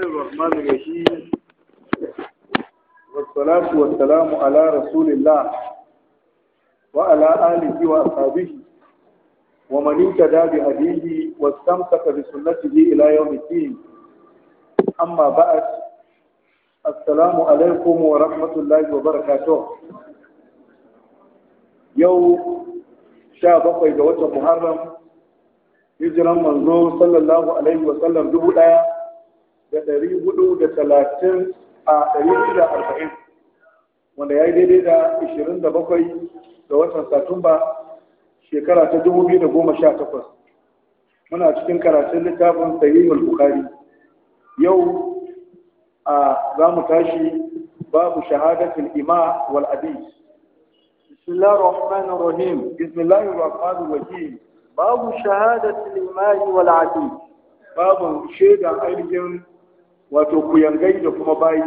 الله الرحمن الرحيم والصلاة والسلام على رسول الله وعلى آله وأصحابه ومن اهتدى بهديه واستمسك بسنته إلى يوم الدين أما بعد السلام عليكم ورحمة الله وبركاته يوم sha bakwai ga watan Muharram hijiran manzo sallallahu alaihi wa dubu ɗaya da ɗari hudu da talatin a ɗari da arba'in wanda ya yi daidai da ishirin da bakwai ga watan satumba shekara ta dubu biyu da goma sha takwas muna cikin karatun littafin sahihul bukari yau a za mu tashi babu shahadatul ima wal abis bismillahir rahmanir rahim bismillahir rahmanir rahim babu shahadatul ima wal abis babu shaidan ainihin wato ku yangai da kuma bayi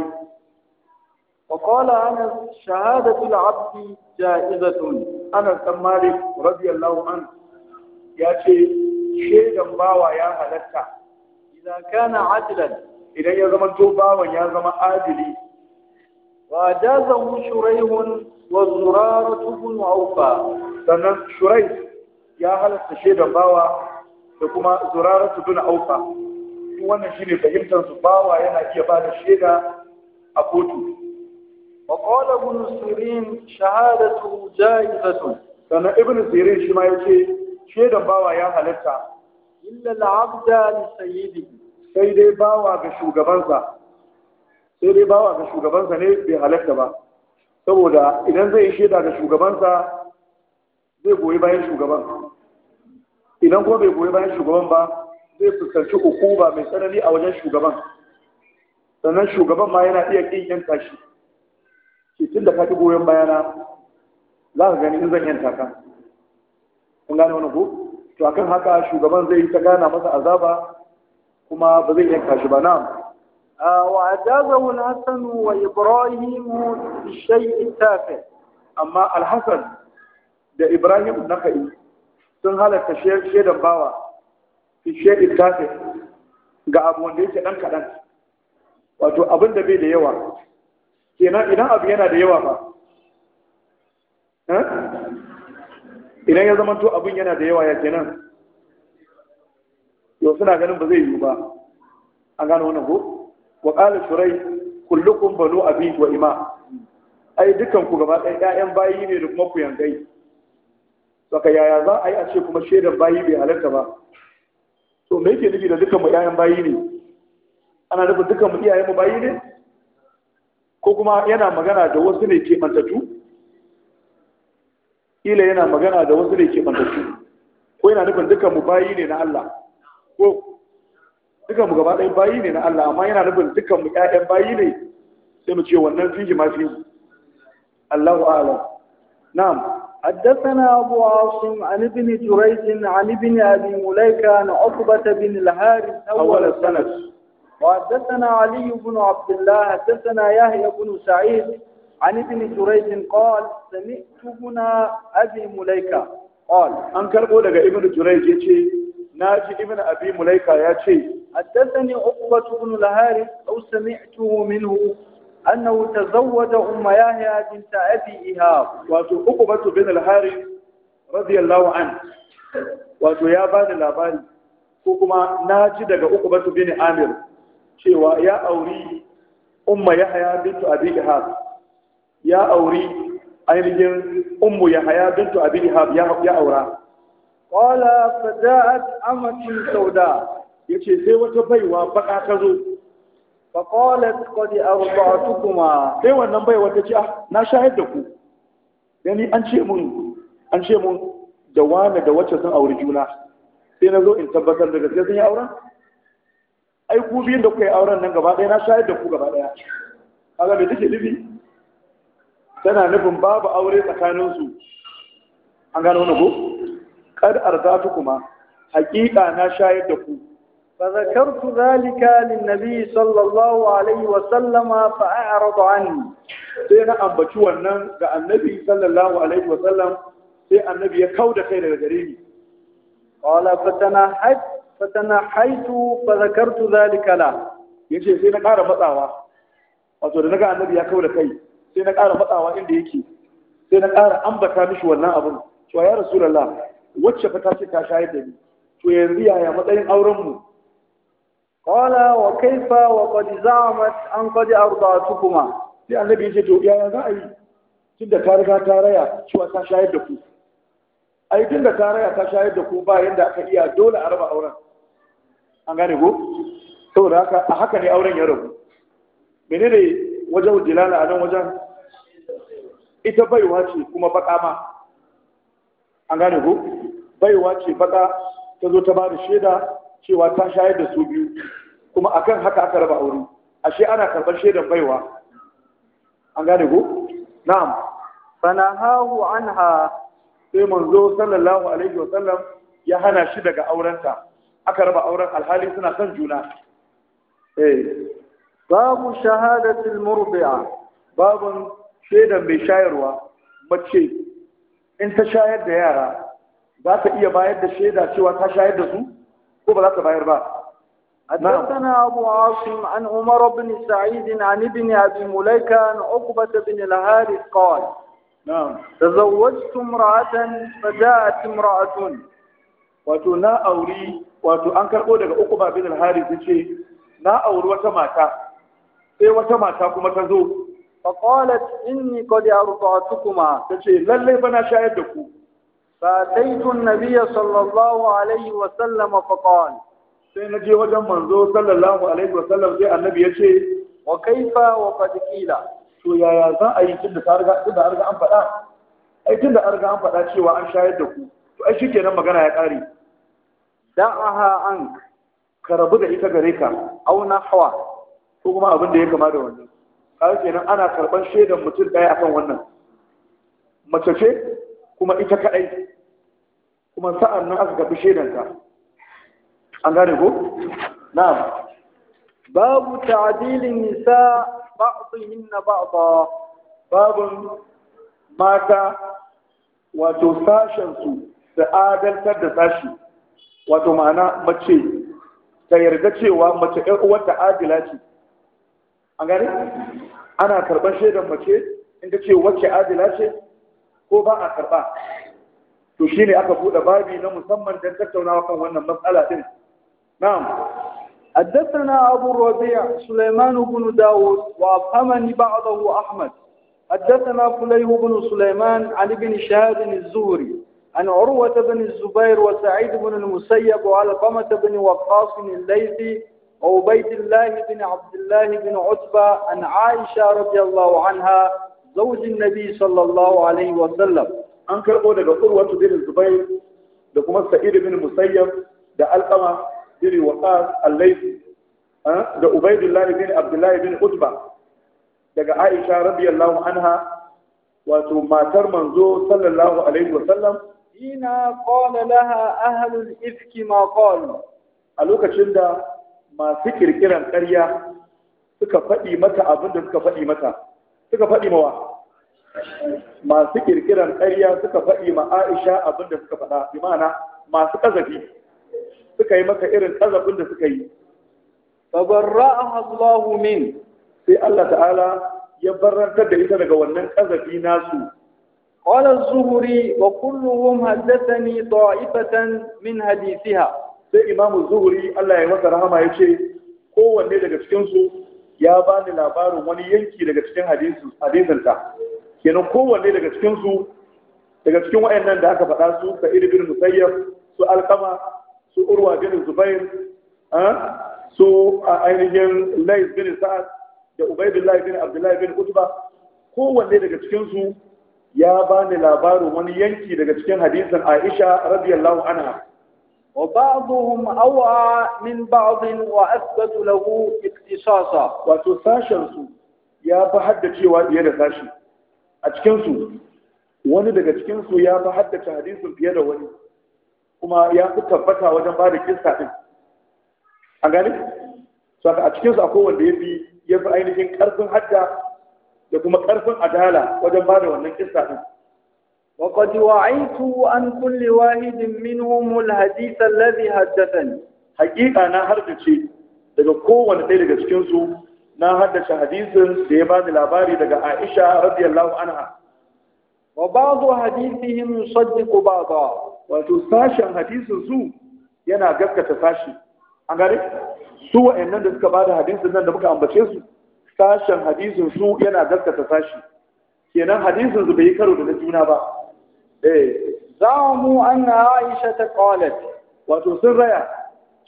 wa qala ana shahadatu al-abdi ja'izatun ana san malik radiyallahu an ya ce shaidan bawa ya halarta. idan kana adilan idan ya zama to bawan ya zama adili wa jaza shuraihun wa zuraratu bin awfa sanan shuraih ya halatta shedan bawa da kuma zuraratu bin awfa in wannan ne fahimtar su bawa yana iya ba da shaida a kotu wa qala ibn sirin shahadatu jaizatun sana ibn sirin shi ma yace shaidan bawa ya halatta illa al-abda li sayyidi sai dai bawa ga shugabansa sai dai bawa ga shugabansa ne bai halatta ba saboda idan zai shaida ga shugabansa zai goyi bayan shugaban idan kuma bai goyi bayan shugaban ba zai fuskanci hukuma mai tsanani a wajen shugaban sannan shugaban ma yana iya ƙin yanta shi ke tun da ka ji goyon bayana za ka gani in zan yanta ka kun gane wani ko to akan haka shugaban zai yi ta gana masa azaba kuma ba zai yanka shi ba na وأجازه الحسن وإبراهيم بشيء Amma أما الحسن ده إبراهيم النخعي sun halatta shaidan bawa fi shay'in ga abu wanda yake dan kadan wato abin da bai da yawa kenan idan abu yana da yawa ba eh? idan ya zama to abin yana da yawa ya kenan yau suna ganin ba zai yiwu ba an gano wannan ko wa qala shurai kullukum banu abi wa ima ai dukan ku gaba ɗaya ƴaƴan bayi ne da kuma ku yangai saka yaya za a yi a ce kuma shaidan bayi bai halarta ba to me yake nufi da dukkan mu iyayen bayi ne ana nufin dukkan mu iyayen mu bayi ne ko kuma yana magana da wasu ne ke mantatu ila yana magana da wasu ne ke mantatu ko yana nufin dukkan mu bayi ne na Allah ko dukkan mu gaba ɗaya bayi ne na Allah amma yana nufin dukkan mu iyayen bayi ne sai mu ce wannan fihi ma fihi Allahu a'lam na'am حدثنا أبو عاصم عن ابن جريج عن ابن أبي مليكة عن عقبة بن الهارث أول السنة وحدثنا علي بن عبد الله حدثنا يحيى بن سعيد عن ابن جريج قال سمعت ابن أبي مليكة قال أنكر قولك ابن جريج يتي ناجي ابن أبي مليكة يتي حدثني عقبة بن الهارث أو سمعته منه أنه تزوج أم يحيى بنت أبي إيهاب وتقبة بن الحارث رضي الله عنه wato ya ba da labari ko kuma na ji daga uku batu bin amir cewa ya auri umma ya haya bintu abi ihab ya auri ainihin ummu ya haya bintu abi ihab ya aura qala fada'at amatin sauda yace sai wata baiwa baƙa ta zo فقالت قد أرضعتكما sai wannan bai wata ce ah, na shayar da ku yani an ce mun da wani da wacce sun aure juna sai na zo in tabbatar da gaske sun yi auren ai biyun da kuka yi auren nan gaba ɗaya na shayar da ku gaba ɗaya kaga me take nufi tana nufin babu aure tsakanin su an gano wani ko kad arzatu kuma hakika na shayar da ku فذكرت ذلك للنبي صلى الله عليه وسلم فأعرض عني sai ambaci wannan ga annabi sallallahu alaihi wasallam sai annabi ya kau da kai daga gare ni qala haitu fa zakartu zalika la yace sai na ƙara matsawa wato da naga annabi ya kau da kai sai na ƙara matsawa inda yake sai na ƙara ambata mishi wannan abun ya wacce fa ta ce ta to yanzu matsayin auren mu قال wa وقد wa ان قد an qad arda'atukuma يجي تو يا to yaya za a yi tunda ka riga ta raya cewa ta shayar da ku ai tunda ta raya ta shayar da ku ba yanda aka iya dole a raba auren an gane ko saboda haka a haka ne auren ya rabu menene wajen dilala a nan wajen ita baiwa ce kuma baka ma an gane ko baiwa ce baka ta zo ta ba da shaida cewa ta shayar da su biyu kuma akan haka aka raba aure ashe ana karɓar shaidan baiwa an gane ko na'am fanahahu anha sai manzo sallallahu alaihi wa sallam ya hana shi daga aurenta aka raba auren alhali suna son juna eh babu shahadatul murdi'a babu shaidan mai shayarwa mace in ta shayar da yara za ta iya bayar da shaida cewa ta shayar da su ko ba za bayar ba حدثنا أبو عاصم عن عمر بن سعيد عن ابن أبي مليكة عن عقبة بن الهارث قال نعم تزوجت امرأة فجاءت امرأة wato na auri wato an karɓo daga ukuba bin al-harith yace na auri wata mata sai wata mata kuma ta zo fa qalat inni bana shayar da ku فأتيت النبي صلى الله عليه وسلم فقال sai na je wajen manzo sallallahu alaihi wasallam sai annabi ce wa kaifa wa qad qila to yaya za yi tunda ta an faɗa cewa an shayar da ku to ai shikenan magana ya ƙare da'aha an ka rabu da ita gare ka aw nahwa ko kuma abin da ya kama da wannan kaga kenan ana karban shaidan mutum ɗaya akan wannan mace ce kuma ita kadai kuma sa'an nan aka gafi shaidanka an gane ko na'am babu ta’adilin nisa ba'dhinna ba'dha babu mata wato sashensu da adaltar da sashi wato ma'ana mace ta yarda cewa mace ƴar uwarta adila ce an gane ana karɓar shaidan mace in ce wacce adila ce ko ba a karɓa to shine aka bude babi na musamman dan tattaunawa kan wannan matsala din na'am حدثنا أبو الربيع سليمان بن داود وأفهمني بعضه أحمد حدثنا فليه بن سليمان عن ابن شهاد الزهري عن عروة بن الزبير وسعيد بن المسيب وعلقمة بن وقاص الليثي وعبيد الله بن عبد الله بن عتبة عن عائشة رضي الله عنها زوج النبي صلى الله عليه وسلم an karɓo daga urwatu bin zubair da kuma sa'id bin musayyab da alqama bin waqas al-laythi eh, da ubaydullah bin abdullah bin utba daga aisha radiyallahu anha wato matar manzo sallallahu alaihi wa sallam ina qala laha ahlul ifki ma qalu a lokacin da masu kirkiran ƙarya suka faɗi mata abin da suka faɗi mata suka faɗi mawa masu kirkiran ƙarya suka faɗi ma Aisha abin da suka faɗa imana masu ƙazafi suka yi maka irin ƙazafin da suka yi tabarra'aha Allahu min sai Allah ta'ala ya barantar da ita daga wannan ƙazafi nasu zuhuri قال الزهري haddasa ni طائفة min hadisiha. sai imamu zuhuri Allah ya masa rahama ya ce kowanne daga cikinsu ya bani labarin wani yanki daga cikin hadisinsa. kenan kowanne daga cikin su daga cikin wayannan da aka faɗa su ka iri bin musayyar su alkama su urwa bin zubair su a ainihin lais bin sa'ad da ubaidullahi bin abdullahi bin kutuba kowanne daga cikin su ya ba ni labarin wani yanki daga cikin hadisin Aisha radiyallahu anha wa ba'dhum aw'a min yi wa athbata lahu iktisasa wato sashen su ya fi haddacewa fiye da sashi a cikinsu wani daga cikinsu ya fi haddace hadisun fiye da wani kuma ya fi tabbata wajen ba da kista ɗin a gani? su a cikinsu a wanda ya fi ya fi ainihin ƙarfin hadda da kuma ƙarfin adala wajen ba da wannan kista ɗin وقد وعيت عن كل واحد منهم الحديث الذي حدثني حقيقة أنا هرجتي daga kowane dai daga cikinsu na haddace hadisin da ya bani labari daga Aisha radiyallahu anha wa ba'dhu hadithihim yusaddiqu ba'dha wato sashen hadisin su yana gaskata sashi an gare su wa'annan da suka bada hadisin nan da muka ambace su sashen hadisin su yana gaskata sashi kenan hadisin su bai karo da juna ba eh za mu anna Aisha ta qalat wato sun raya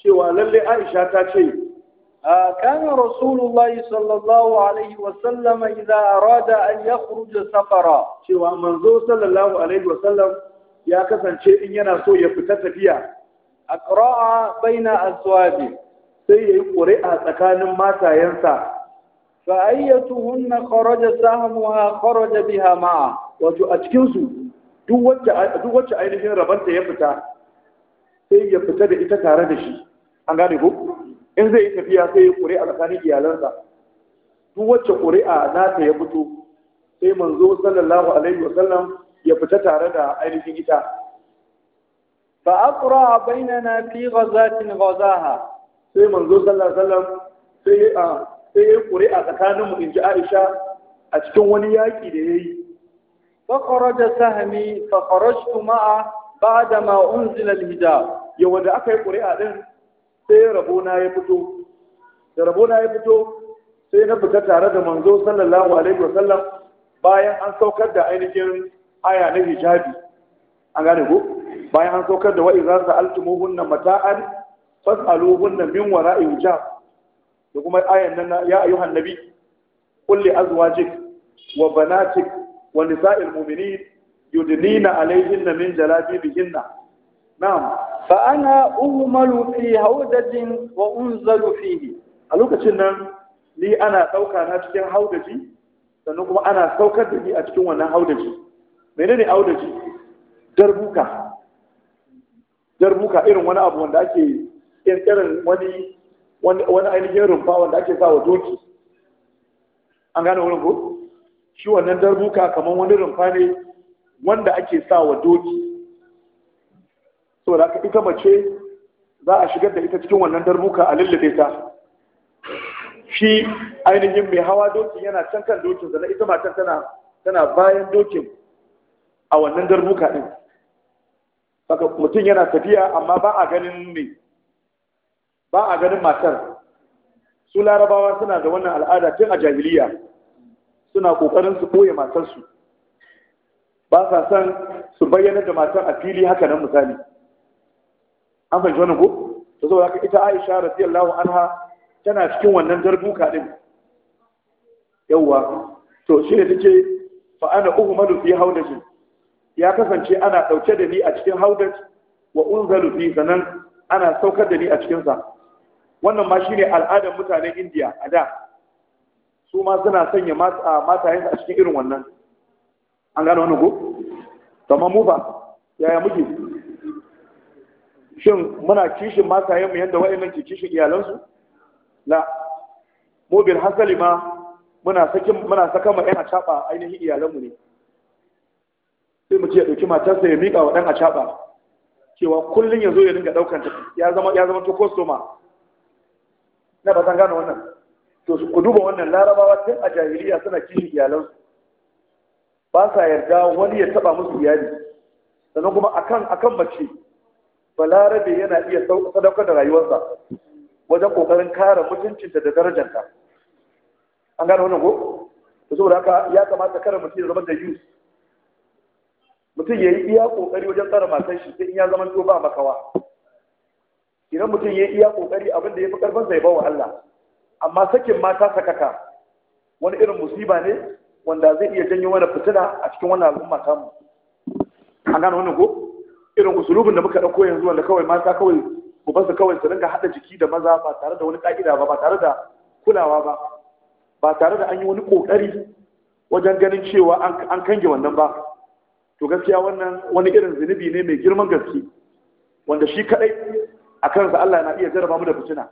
cewa lalle Aisha ta ce كان رسول الله صلى الله عليه وسلم إذا أراد أن يخرج سفرا شو منظور صلى الله عليه وسلم يا كسان شيء إن ينسو يفتت فيها أقرأ بين أزواجه سيقرأ سكان ما تينسى فأيتهن خرج سهمها خرج بها معه wato a cikinsu duk wacce ainihin rabanta ya fita sai ya fita da ita tare da shi an gane ko in zai yi tafiya sai ya ƙuri'a tsakanin iyalansa Su wacce ƙuri'a nata ya fito sai manzo sallallahu alaihi wa sallam ya fita tare da ainihin ita fa aqra bainana fi ghazatin ghazaha sai manzo sallallahu alaihi wa sallam sai ya ah, sai ya ƙuri'a tsakanin mu inji Aisha a cikin wani yaki da yayi fa kharaja sahmi fa kharajtu ma'a ba'da ma unzila al-hijab yau da aka yi ƙuri'a din sai rabona ya fito da rabona ya fito sai na fita tare da manzo sallallahu alaihi wa sallam bayan an saukar da ainihin aya na hijabi an gane ko bayan an saukar da na mata'ar mata'an fas'aluhunna min wara'i hijab da kuma ayan nan ya ayyuhan nabi kulli azwajik wa banatik wa nisa'il mu'minin yudnina alayhinna min jalabibihinna na'am fa’ana umaru fi haudajin wa unzalu fihi a lokacin nan ni ana ɗauka na cikin haudaji sannu kuma ana saukar da ni a cikin wannan haudaji Menene haudaji darbuka darbuka irin wani abu wanda ake ƙirƙirin wani wani ainihin rumfa wanda ake sa wa doki an gane wurin ko shi wannan darbuka kamar wani rumfa ne wanda ake sa wa doki saboda aka ita mace za a shigar da ita cikin wannan darbuka a lullube ta shi ainihin mai hawa dokin yana can kan dokin sannan ita matan tana bayan dokin a wannan darbuka din saka mutum yana tafiya amma ba a ganin ne ba a ganin matar su larabawa suna da wannan al'ada tun a jahiliya suna kokarin su koye matarsu ba sa son su bayyana da matan a fili haka nan misali an fahimci wannan ko to saboda haka ita Aisha radiyallahu anha tana cikin wannan darbuka din yawa to shi ne take fa ana uhmadu fi haudati ya kasance ana dauke da ni a cikin haudat wa unzalu fi sanan ana saukar da ni a cikin sa wannan ma shine al'adar mutanen Indiya a da su ma suna sanya matayen a cikin irin wannan an gano wannan ko kamar mu ba yaya muke shin muna kishin matayen mu yadda wa'annan ke kishin iyalansu la mu bil hasali ma muna sakin muna saka ma ɗan acaba ainihin iyalanmu ne sai mu ce ya ɗauki matarsa ya miƙa wa ɗan acaba cewa kullum ya zo ya dinga daukan ta ya zama ya zama to customer na ba san gane wannan to ku duba wannan larabawa tun a jahiliya suna kishin iyalansu ba sa yarda wani ya taba musu iyali sannan kuma akan akan mace balarabe yana iya sadaukar da rayuwarsa wajen kokarin kare mutuncinta da darajarta an gane wannan ko to saboda haka ya kamata kare mutum ya zama da yus mutum ya yi iya kokari wajen tsara matan shi sai in ya zama to ba makawa idan mutum ya yi iya kokari abin da ya fi karfin sa ya bawa Allah amma sakin mata sakaka wani irin musiba ne wanda zai iya janyo wani fitina a cikin wannan al'umma tamu an gane wannan ko irin usulubin da muka ɗauko yanzu wanda kawai mata kawai basu kawai su ringa haɗa jiki da maza ba tare da wani ƙa'ida ba ba tare da kulawa ba ba tare da an yi wani ƙoƙari wajen ganin cewa an kange wannan ba to gaskiya wannan wani irin zunubi ne mai girman gaske wanda shi kaɗai a kansa Allah na iya jarraba mu da fitina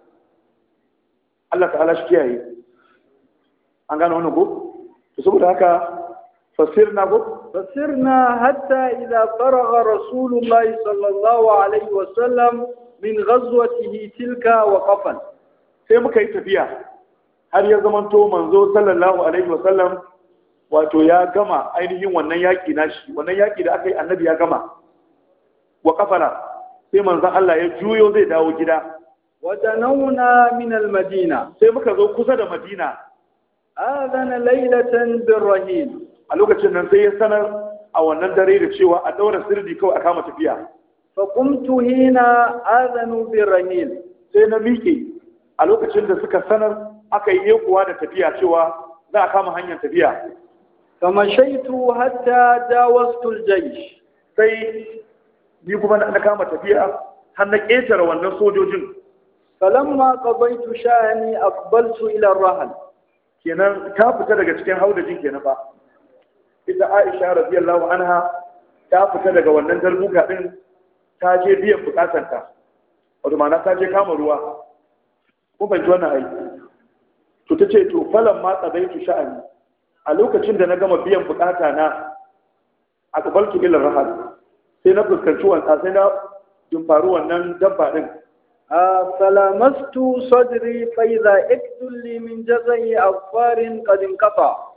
Allah ta'ala shi kiyaye an gane wannan ko to saboda haka فسرنا فسرنا حتى إذا فرغ رسول الله صلى الله عليه وسلم من غزوته تلك وقفا sai muka yi tafiya har ya zamanto manzo sallallahu alaihi wasallam wato ya gama ainihin wannan yaƙi nashi wannan yaƙi da aka yi annabi ya gama wa kafara sai manzon Allah ya juyo zai dawo gida wa tanawna min al-madina sai muka zo kusa da madina adana laylatan birrahin a lokacin nan sai ya sanar a wannan dare da cewa a daura sirri kawai a kama tafiya fa kumtu hina azanu bi ramil sai na miƙe a lokacin da suka sanar aka yi kuwa da tafiya cewa za a kama hanyar tafiya kama shaitu hatta dawastu aljaysh sai ni kuma na kama tafiya har na ƙetare wannan sojojin falamma qabaitu sha'ani aqbaltu ila ar-rahal kenan ta fita daga cikin haudajin kenan ba ita Aisha radiyallahu anha ta fita daga wannan dalbuka din ta je biyan bukatanta wato ma'ana ta je kama ruwa ban ji wannan ai to tace to falan ma tsabaitu sha'ani a lokacin da na gama biyan bukata na a kabaltu ila rahal sai na fuskanci wannan sai na dumfaru wannan dabba din فلمست صدري فإذا اكتل لي min jazai afarin kadin kafa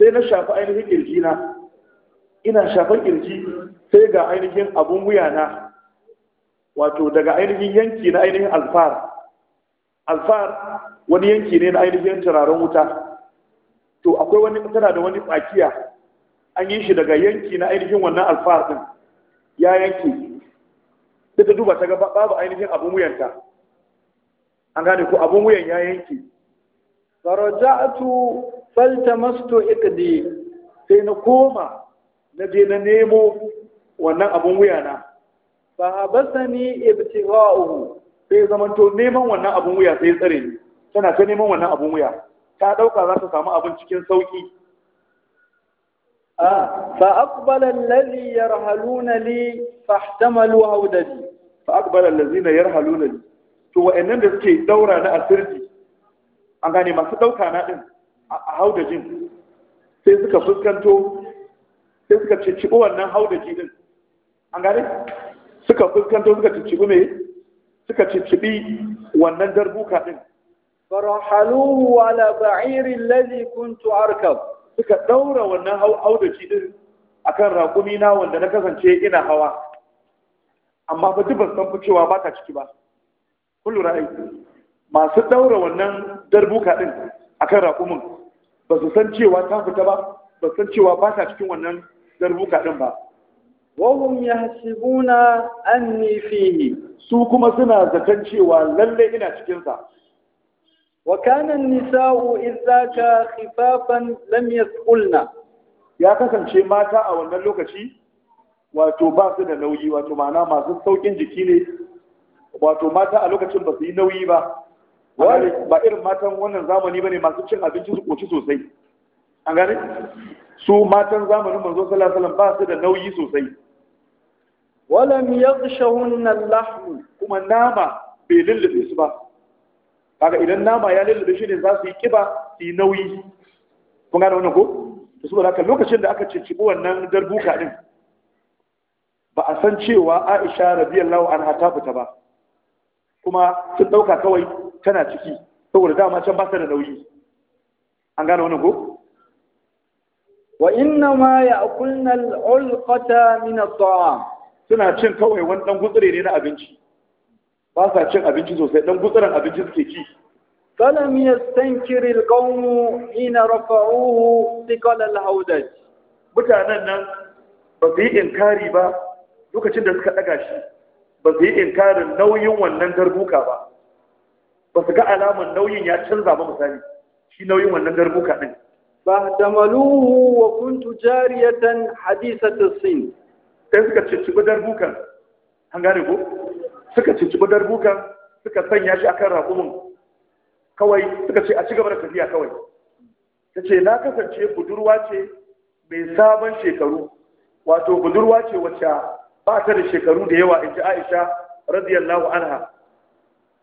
sai na shafi ainihin kirji na ina shafan kirji sai ga ainihin abun wuya na wato daga ainihin yanki na ainihin alfar alfar wani yanki ne na ainihin turaren wuta to akwai wani tana da wani tsakiya an yi shi daga yanki na ainihin wannan alfar din ya yanki sai ta duba ta ga babu ainihin abun wuyanta an gane ko abun wuyan ya yanki faraja'atu ita iqdi sai na koma na je na nemo wannan abun wuyana fa habasani ibtigha'uhu sai to neman wannan abun wuya sai tsare ni tana ta neman wannan abun wuya ta dauka za ta samu abin cikin sauki a ah, fa aqbala alladhi yarhaluna li fahtamalu hawdati fa aqbala allazina yarhaluna li to wa'annan da suke daura na asirji an gane masu dauka na din a haudajin sai suka fuskanto sai suka cicciɓi wannan haudaji din an gane suka fuskanto suka cicciɓi me suka cicciɓi wannan darbuka din farahaluhu ala ba'iri allazi kuntu arkab suka daura wannan haudaji din akan raƙumi na wanda na kasance ina hawa amma ba duk ban san cewa ba ta ciki ba kullu ra'ayi masu daura wannan darbuka din akan rakumin. ba su san cewa ta fita ba ba su san cewa ba ta cikin wannan darbuka din ba wahum yahsibuna anni fihi su kuma suna zaton cewa lalle ina cikin sa wa kana an-nisa'u idzaka khifafan lam yasqulna ya kasance mata a wannan lokaci wato ba su da nauyi wato ma'ana masu saukin jiki ne wato mata a lokacin ba su yi nauyi ba ba irin matan wannan zamani bane masu cin abinci su koci sosai an gane su matan zamanin manzo sallallahu alaihi wasallam ba su da nauyi sosai walam yaghshahunna al-lahm kuma nama bai lullube su ba kaga idan nama ya lullube shi ne za su yi kiba su yi nauyi kun gane wannan ko to saboda haka lokacin da aka cicibi wannan darbuka din ba a san cewa Aisha radiyallahu anha ta fita ba kuma sun dauka kawai tana ciki saboda dama can ba ta da nauyi an gane wannan ko wa inna ma ya'kulna al min at suna cin kawai wani dan gutsire ne na abinci ba sa cin abinci sosai dan gutsiran abinci suke ci فلم يستنكر القوم حين رفعوه ثقل الهودج mutanen nan ba su yi inkari ba lokacin da suka daga shi ba su yi inkarin nauyin wannan garbuka ba ba su ga alamun nauyin ya canza ba misali shi nauyin wannan garbuka din ba tamaluhu wa kuntu jariyatan ta sin sai suka ciccibi darbukan an gane ko suka ciccibi darbukan suka sanya shi akan raƙumin kawai suka ce a ci da tafiya kawai ta ce na kasance budurwa ce mai sabon shekaru wato budurwa ce wacce ba ta da shekaru da yawa in ji aisha radiyallahu anha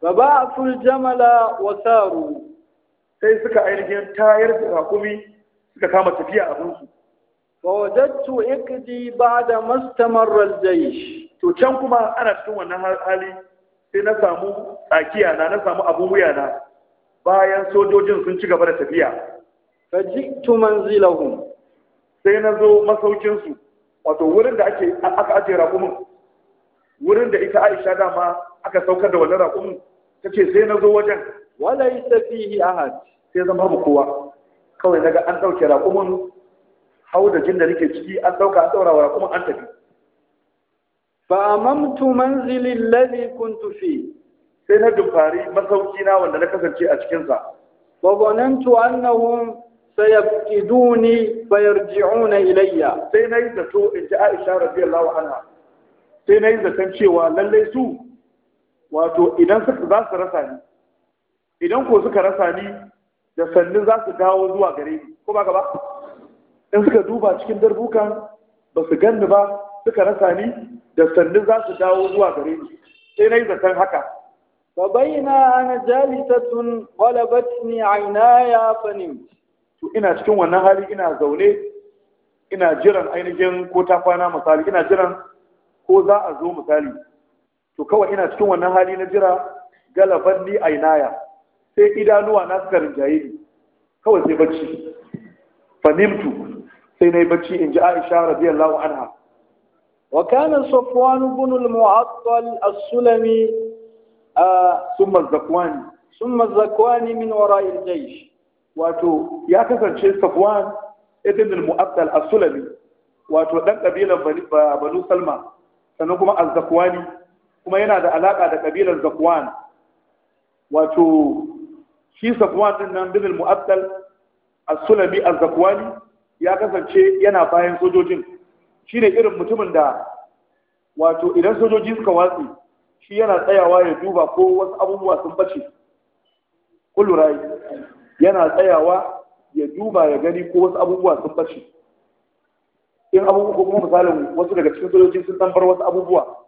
ba ba ful jamala wa sai suka ainihin tayar da rakumi suka kama tafiya a bunsu Ba wajadtu iqdi ba'da mastamarra al-jaysh to can kuma ana cikin wannan hali sai na samu tsakiya na na samu abu wuya na bayan sojojin sun ci gaba da tafiya ji manzilahum sai na zo masaukin su wato wurin da ake aka ajiye rakumin wurin da ita Aisha dama aka saukar da wannan rakumin tace sai na zo wajen wala fihi ahad sai zama mu kowa kawai naga an dauke raƙumin jin da nake ciki an dauka an daura wa raƙumin an tafi fa mamtu manzili alladhi kuntu fi sai na dumfari masauki na wanda na kasance a cikin sa wa zanantu annahum sayafqiduni fayarji'una ilayya sai na yi zato in ji Aisha radiyallahu anha sai na yi zaton cewa lallai su wato idan za su rasa ni idan ko suka rasa ni da sannin za su dawo zuwa gare ni ko ba gaba in suka duba cikin darbukan ba su ganni ba suka rasa ni da sannin za su dawo zuwa gare ni sai na yi zaton haka jalisatun أنا ni, aina ya fani to ina cikin wannan hali ina zaune ina jiran ainihin ko ta kwana misali ina jiran ko za a zo misali to kawai ina cikin wannan hali na jira galaban ni inaya sai idanuwa na suka rinjaye ni kawai sai bacci fanimtu sai na yi bacci in ji aisha radiyallahu anha wa kana safwan ibn al-mu'attal as-sulami thumma zakwani thumma zakwani min wara'i al-jaysh wato ya kasance safwan ibn al-mu'attal as-sulami wato dan kabilan banu salma sannan kuma az-zakwani kuma yana da alaka da kabilar zakwan wato shi zakwan din nan bin al-mu'attal as-sulami az-zakwani ya kasance yana bayan sojojin shine irin mutumin da wato idan sojoji suka watsi shi yana tsayawa ya duba ko wasu abubuwa sun bace kullurai yana tsayawa ya duba ya gani ko wasu abubuwa sun bace in abubuwa kuma misalin wasu daga cikin sojoji sun tambar wasu abubuwa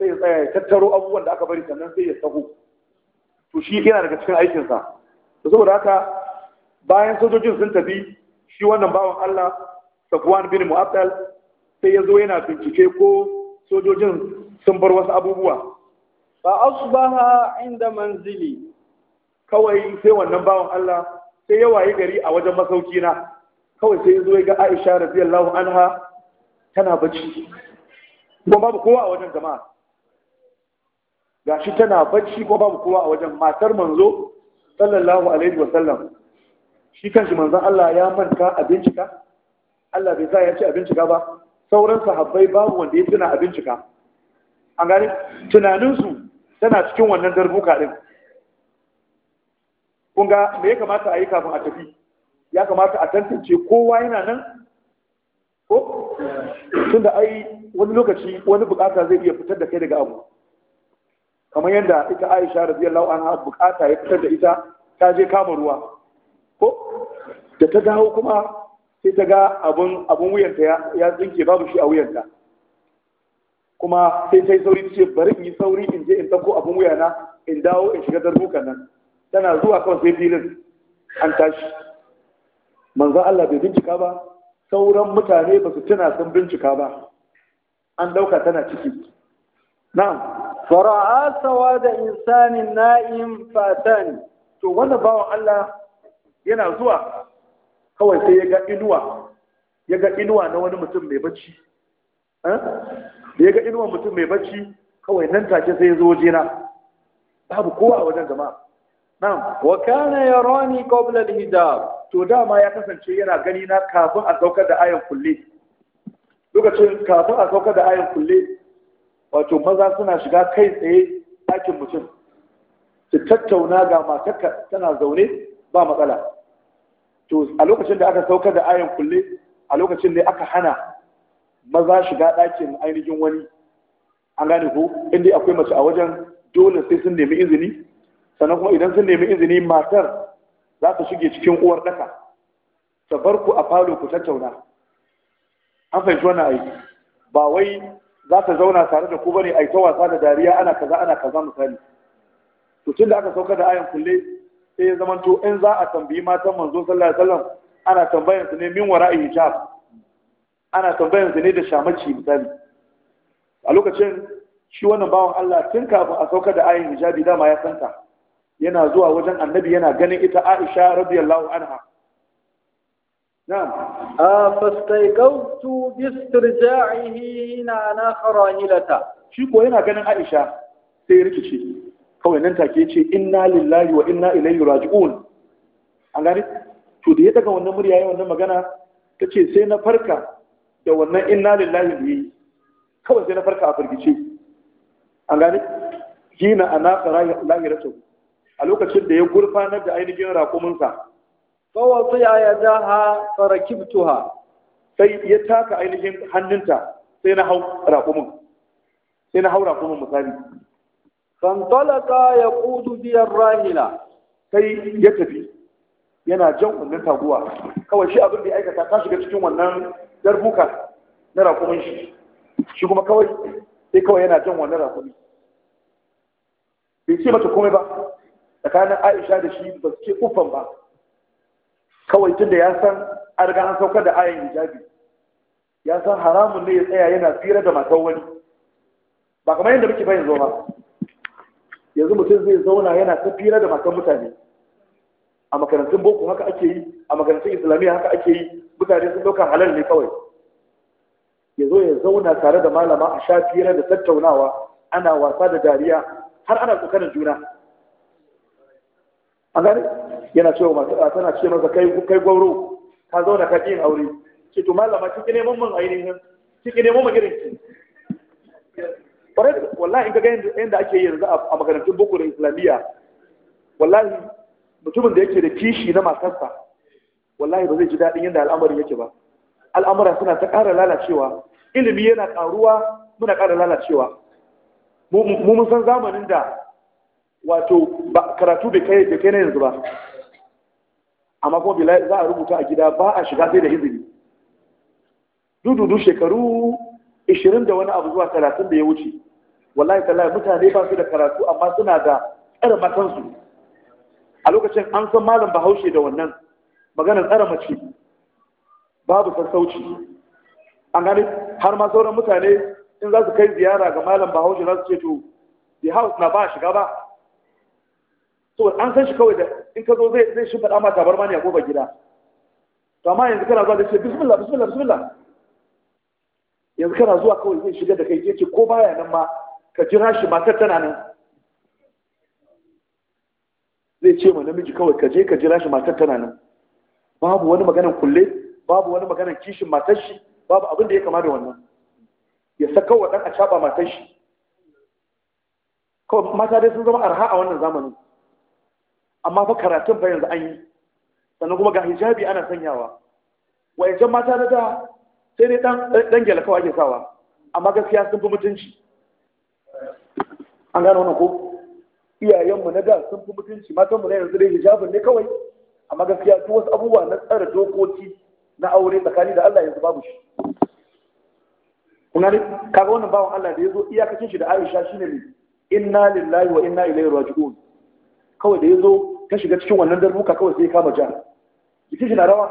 sai ya tattaro abubuwan da aka bari sannan sai ya taho to shi yana daga cikin aikinsa da saboda haka bayan sojojin sun tafi shi wannan bawan Allah Safwan bin Mu'attal sai ya zo yana bincike ko sojojin sun bar wasu abubuwa fa asbaha inda manzili kawai sai wannan bawan Allah sai ya waye gari a wajen masauki na kawai sai ya zo ya ga Aisha radiyallahu anha tana bacci kuma babu kowa a wajen jama'a Ga shi tana bacci ko babu kowa a wajen matar manzo sallallahu alaihi wa sallam shi kanshi manzon Allah ya manta a Allah bai sa ya ci abincika ba sauran sahabbai babu wanda ya tuna a bincika an gane tunaninsu tana cikin wannan darbuka din kun ga me ya kamata a yi kafin a tafi ya kamata a tantance kowa yana nan ko tunda ai wani lokaci wani bukata zai iya fitar da kai daga abu kamar yadda ita Aisha radiyallahu anha bukata ya fitar da ita ta je kama ruwa ko da ta dawo kuma sai ta ga abun abun wuyanta ya tsinke babu shi a wuyanta kuma sai ta sauri ta ce bari in yi sauri in je in ɗauko abun wuyana in dawo in shiga darbukan nan tana zuwa kan sai filin an tashi manzo Allah bai bincika ba sauran mutane ba su tuna sun bincika ba an ɗauka tana ciki na'am fara'a sawa da insanin na'im fatan to wanda bawan Allah yana zuwa kawai sai ya ga inuwa ya ga inuwa na wani mutum mai bacci eh? ya ga inuwa mutum mai bacci kawai nan take sai ya zo jera babu kowa a wajen jama'a na'am wa kana yarani qabla al-hijab to dama ya kasance yana gani na kafin a saukar da ayan kulle lokacin kafin a saukar da ayan kulle wato maza suna shiga kai tsaye ɗakin mutum su tattauna ga matarka tana zaune ba matsala to a lokacin da aka sauka da ayan kulle a lokacin da aka hana maza shiga ɗakin ainihin wani an gane ko inda akwai mace a wajen dole sai sun nemi izini sannan kuma idan sun nemi izini matar za ta shige cikin uwar ɗaka ta bar ku a falo ku tattauna an fahimci wannan aiki ba wai za ta zauna tare da ku bane a yi ta wasa da dariya ana kaza ana kaza misali to tun da aka sauka da ayan kulle sai ya zama to in za a tambayi matan manzo sallallahu alaihi wasallam ana tambayar su ne min wara'i hijab ana tambayar su ne da shamaci misali a lokacin shi wannan bawan Allah tun kafin a sauka da ayan hijabi dama ya santa yana zuwa wajen annabi yana ganin ita Aisha radiyallahu anha نعم فاستيقظت باسترجاعه هنا أنا خرانيلة shi ko yana ganin Aisha sai rikici kawai nan take ce inna lillahi wa inna ilaihi raji'un an gani to da ya daga wannan murya yayin wannan magana ce sai na farka da wannan inna lillahi da yi kawai sai na farka a firgice an gani hina ana qara lahiratu a lokacin da ya gurfanar da ainihin rakumunsa fawa ya yadaha farakibtuha sai ya taka ainihin hannunta sai na hau raƙumin sai na hau raƙumin misali fantalaka ya kudu biyar rahila sai ya tafi yana jan wannan taguwa kawai shi abin da ya aikata ta shiga cikin wannan darbuka na raƙumin shi shi kuma kawai sai kawai yana jan wannan raƙumi bai ce mata komai ba tsakanin aisha da shi ba su ce uffan ba kawai tunda ya san an an saukar da ayan hijabi ya san haramun ne ya tsaya yana tsira da matan wani ba kamar yadda muke bayan zoma yanzu mutum zai zauna yana ta fira da matan mutane a makarantun boko haka ake yi a makarantun islamiyya haka ake yi mutane sun ɗauka halal ne kawai ya zo ya zauna tare da malama a sha fira da tattaunawa ana wasa da dariya har ana tsokanar juna an gane yana cewa tana ce masa kai gwauro ka zauna ka ƙin aure ce to malama cikin neman mun ainihin cikin neman mun irin ki wallahi in ka ga yadda ake yanzu a makarantun boko da islamiyya wallahi mutumin da yake da kishi na matarsa wallahi ba zai ji daɗin yadda al'amarin yake ba al'amura suna ta ƙara lalacewa ilimi yana ƙaruwa muna ƙara lalacewa mu mun san zamanin da wato ba karatu bai kai da kai na yanzu ba amma kuma bila za a rubuta a gida ba a shiga sai da izini dududu shekaru 20 da wani abu zuwa 30 da ya wuce wallahi tallahi mutane ba su da karatu amma suna da tsare matansu a lokacin an san malam bahaushe da wannan maganar tsara mace babu sassauci an gani har ma sauran mutane in za su kai ziyara ga malam bahaushe za su ce to the house na ba shiga ba so an san shi kawai da in ka zo zai zai shi faɗa mata bar mani a goba gida to amma yanzu kana zuwa da ce bismillah bismillah bismillah yanzu kana zuwa kawai zai shiga da kai ce ko baya nan ma ka jira shi matar tana nan zai ce ma namiji kawai ka je ka jira shi matar tana nan babu wani maganar kulle babu wani maganar kishin matar shi babu abin da ya kama da wannan ya saka wa dan a caba matar shi kawai mata dai sun zama arha a wannan zamanin amma fa karatun fa yanzu an yi sannan kuma ga hijabi ana sanyawa Wa yanzu mata na da sai dai dan dan gela kawai ake sawa amma gaskiya sun fi mutunci an gano wannan ko iyayenmu na da sun fi mutunci matanmu na yanzu dai hijabin ne kawai amma gaskiya su wasu abubuwa na tsara dokoki na aure tsakani da Allah yanzu babu shi kuna ne kaga wannan bawan Allah da yazo iyakacin shi da Aisha shine ne inna lillahi wa inna ilaihi raji'un kawai da ya zo ta shiga cikin wannan darbuka kawai sai ya kama ja jikin shi na rawa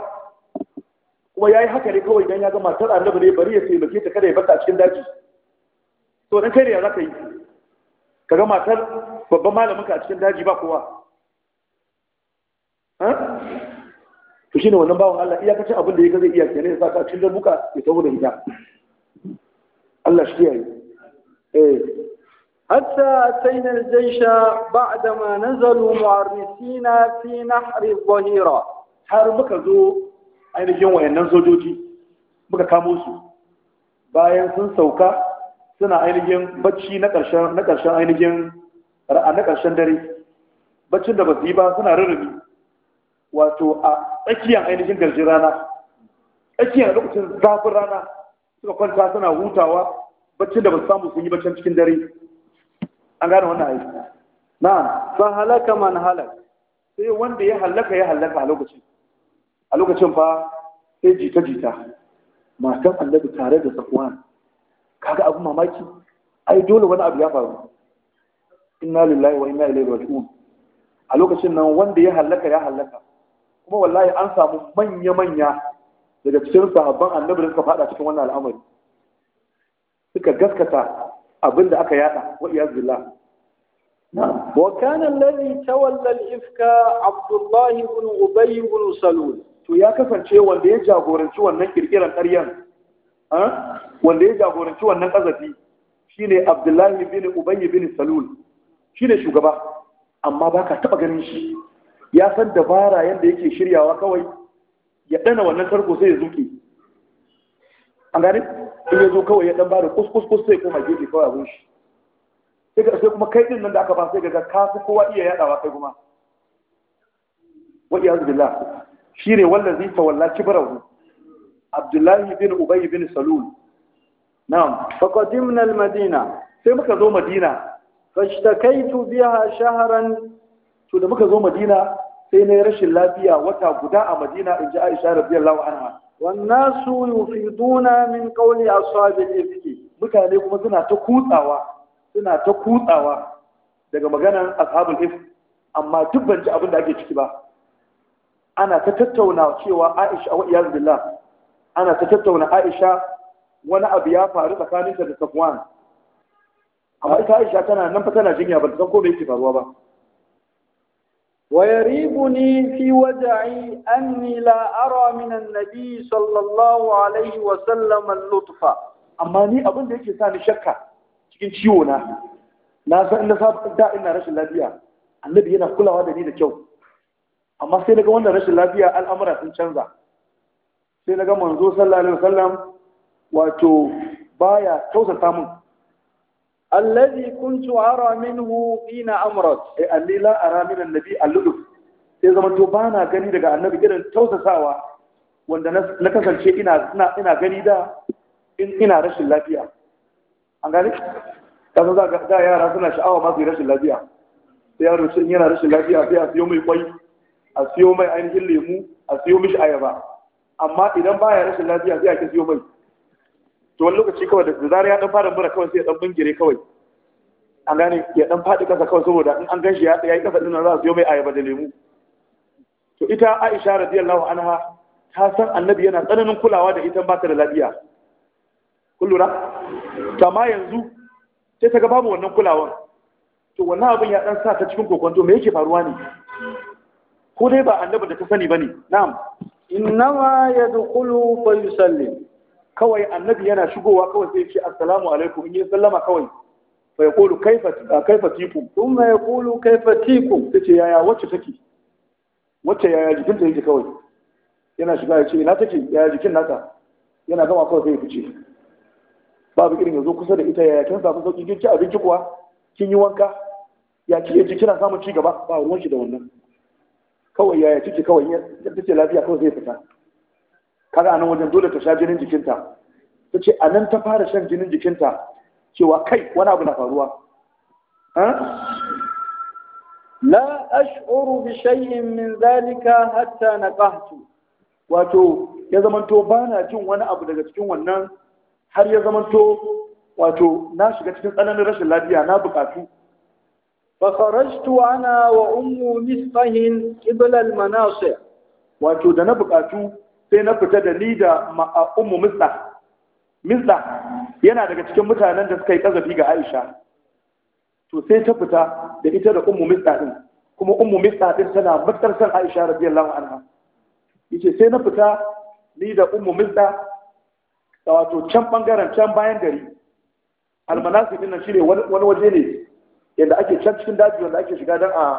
kuma ya yi haka ne kawai don ya ga matar annabi ne bari ya taimake ta kada ya bata a cikin daji to dan kai ne ya zaka yi ka ga matar babban malamin ka a cikin daji ba kowa to shine wannan bawan Allah iya iyakacin abin da yake zai iya kenan ya sa ka cikin darbuka ya tawo da ita Allah shi yi. eh حتى أتينا الجيش بعدما نزلوا معرسين في نحر الظهيرة har muka zo ainihin wayannan sojoji muka kamo su bayan sun sauka suna ainihin bacci na ƙarshen ainihin dare baccin da basu yi ba suna rurrubi wato a tsakiyar ainihin garjin rana tsakiyar lokacin zafin rana suka kwanta suna hutawa baccin da basu samu sun yi baccin cikin dare an gane wannan aiki Na fa halaka man halak sai wanda ya halaka ya halaka a lokacin a lokacin fa sai jita jita matan annabi tare da safwan kaga abu mamaki ai dole wani abu ya faru inna lillahi wa inna ilaihi raji'un a lokacin nan wanda ya halaka ya halaka kuma wallahi an samu manya manya daga cikin sahabban annabi da suka fada cikin wannan al'amari suka gaskata Abin da aka yada wa iyaz billah wa kana allazi tawalla al-ifka Abdullah ibn Ubay ibn Salul to ya kasance wanda ya jagoranci wannan kirkiran ƙaryan wanda ya jagoranci wannan kazafi shine Abdullah ibn Ubay ibn Salul shine shugaba amma baka taba ganin shi ya san dabara yadda yake shiryawa kawai ya dana wannan tarko sai ya zuke an gane in ya zo kawai ya dan bada kuskus kus sai kuma gefe kawai abin shi sai ka sai kuma kai din nan da aka ba sai ga ka kowa iya yadawa kai kuma wa iyaz billah shine wallazi tawalla kibrahu abdullahi bin ubay bin salul na'am fa madina sai muka zo madina fashtakaitu biha shahran to da muka zo madina sai na rashin lafiya wata guda a madina in ji aisha radiyallahu anha والناس يفيضون من قول أصحاب الإفك mutane kuma suna ta kutsawa suna ta kutsawa daga maganar ashabul if amma duk ban ji abin da ake ciki ba ana ta tattauna cewa Aisha wa iyaz billah ana ta tattauna Aisha wani abu ya faru tsakaninta da Safwan amma ita Aisha tana nan fa tana jinya ba ta san ko bai yake faruwa ba ويريبني في وجعي أني لا أرى من النبي صلى الله عليه وسلم اللطف أما ني أبن ديك يساني شكا cikin ciwo na na san da ina rashin lafiya annabi yana kulawa da ni da kyau amma sai ga wannan rashin lafiya al'amura sun canza sai daga manzo sallallahu alaihi wasallam wato baya tausata min. allazi kuntu ara minhu hina amrat eh Alila, la ara min annabi sai zaman to bana gani daga annabi irin tausasawa wanda na kasance ina ina ina gani da in ina rashin lafiya an gani ka za ga yara suna sha'awa masu rashin lafiya sai yaro shi yana rashin lafiya sai a siyo mai kwai a siyo mai ainihin lemu a siyo mishi ayaba amma idan baya rashin lafiya sai a ke siyo mai to wani lokaci kawai da zarar ya dan fara mura kawai sai ya dan bingire kawai an gane ya dan faɗi kasa kawai saboda in an ganshi ya yi kasa din nan za su yi mai ayaba da lemu to ita Aisha radiyallahu anha ta san annabi yana tsananin kulawa da ita ba ta da lafiya kun lura kama yanzu sai ta ga babu wannan kulawan to wannan abin ya dan sa ta cikin kokonto me yake faruwa ne ko dai ba annabi da ta sani bane na'am innama yadkhulu fa yusallim kawai annabi yana shigowa kawai sai ce assalamu alaikum in yi sallama kawai fa ya kulu kaifa tikum thumma ya kulu kaifa tikum ta ce yaya wacce take wacce yaya jikin ta yake kawai yana shiga ya ce ina take yaya jikin nasa? yana gama kawai sai ya fice babu irin yanzu kusa da ita yaya kin samu sauki kin ci abinci kuwa kin yi wanka ya ki yaji kina samun ci gaba ba ruwan shi da wannan kawai yaya kike kawai ya ce lafiya kawai zai fita kaga anan wajen dole ta sha jinin jikinta ta ce a nan ta fara shan jinin jikinta cewa kai wani abu na faruwa la ash'uru bi shay'in min zalika hatta naqahtu wato ya zamanto ba na jin wani abu daga cikin wannan har ya zamanto wato na shiga cikin tsananin rashin lafiya na bukatu fa kharajtu ana wa ummu misfahin qibla al manasir wato da na bukatu sai na fita da ni da ummu misla misla yana daga cikin mutanen da suka yi kazafi ga aisha to sai ta fita da ita da ummu misla din kuma ummu misla din tana matar san aisha radiyallahu anha yace sai na fita ni da ummu misla wato can bangaren can bayan gari almanasi din nan shine wani waje ne yadda ake can cikin daji wanda ake shiga dan a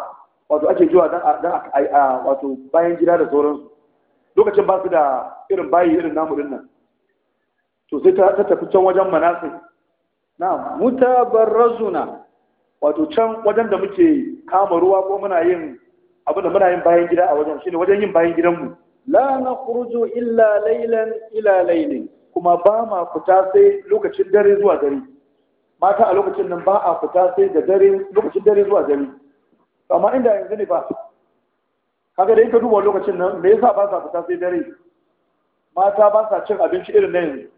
wato ake zuwa dan a wato bayan gida da sauransu lokacin ba su da irin bayi irin namu din nan to sai ta tafi can wajen manasi na mutabarrazuna wato can wajen da muke kama ruwa ko muna yin abin da muna yin bayan gida a wajen shine wajen yin bayan gidanmu la na khuruju illa laylan ila laylin kuma ba ma fita sai lokacin dare zuwa dare mata a lokacin nan ba a fita sai da dare lokacin dare zuwa dare amma inda yanzu ne ba kaga da ka duba lokacin nan me yasa ba sa fita sai dare mata ba sa cin abinci irin na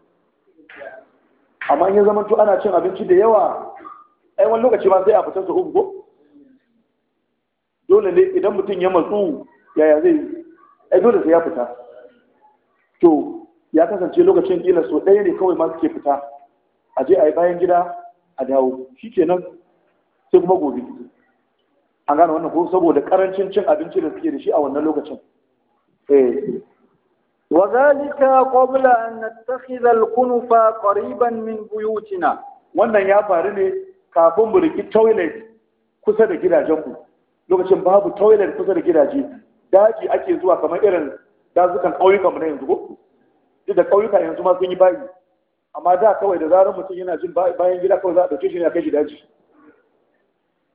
amma in ya zama to ana cin abinci da yawa ai wani lokaci ba sai a fita su uku dole ne idan mutum ya matsu yaya zai ai dole sai ya fita to ya kasance lokacin kila so ɗaya ne kawai ma suke fita a je a yi bayan gida a dawo shikenan sai kuma gobe an gane wannan ko saboda karancin cin abinci da suke da shi a wannan lokacin eh. qabla an nattakhidha al Kunfa, qariban min Buyutina, wannan ya faru ne kafin mu riki toilet kusa da gidajenmu lokacin babu toilet kusa da gidaje daji ake zuwa kamar irin dazukan mu na yanzu ko duk da ƙauyuka yanzu ma sun yi bayi amma da kawai da zarar mutum yana jin bayan gida kawai za a ɗauke shi ne a kai shi daji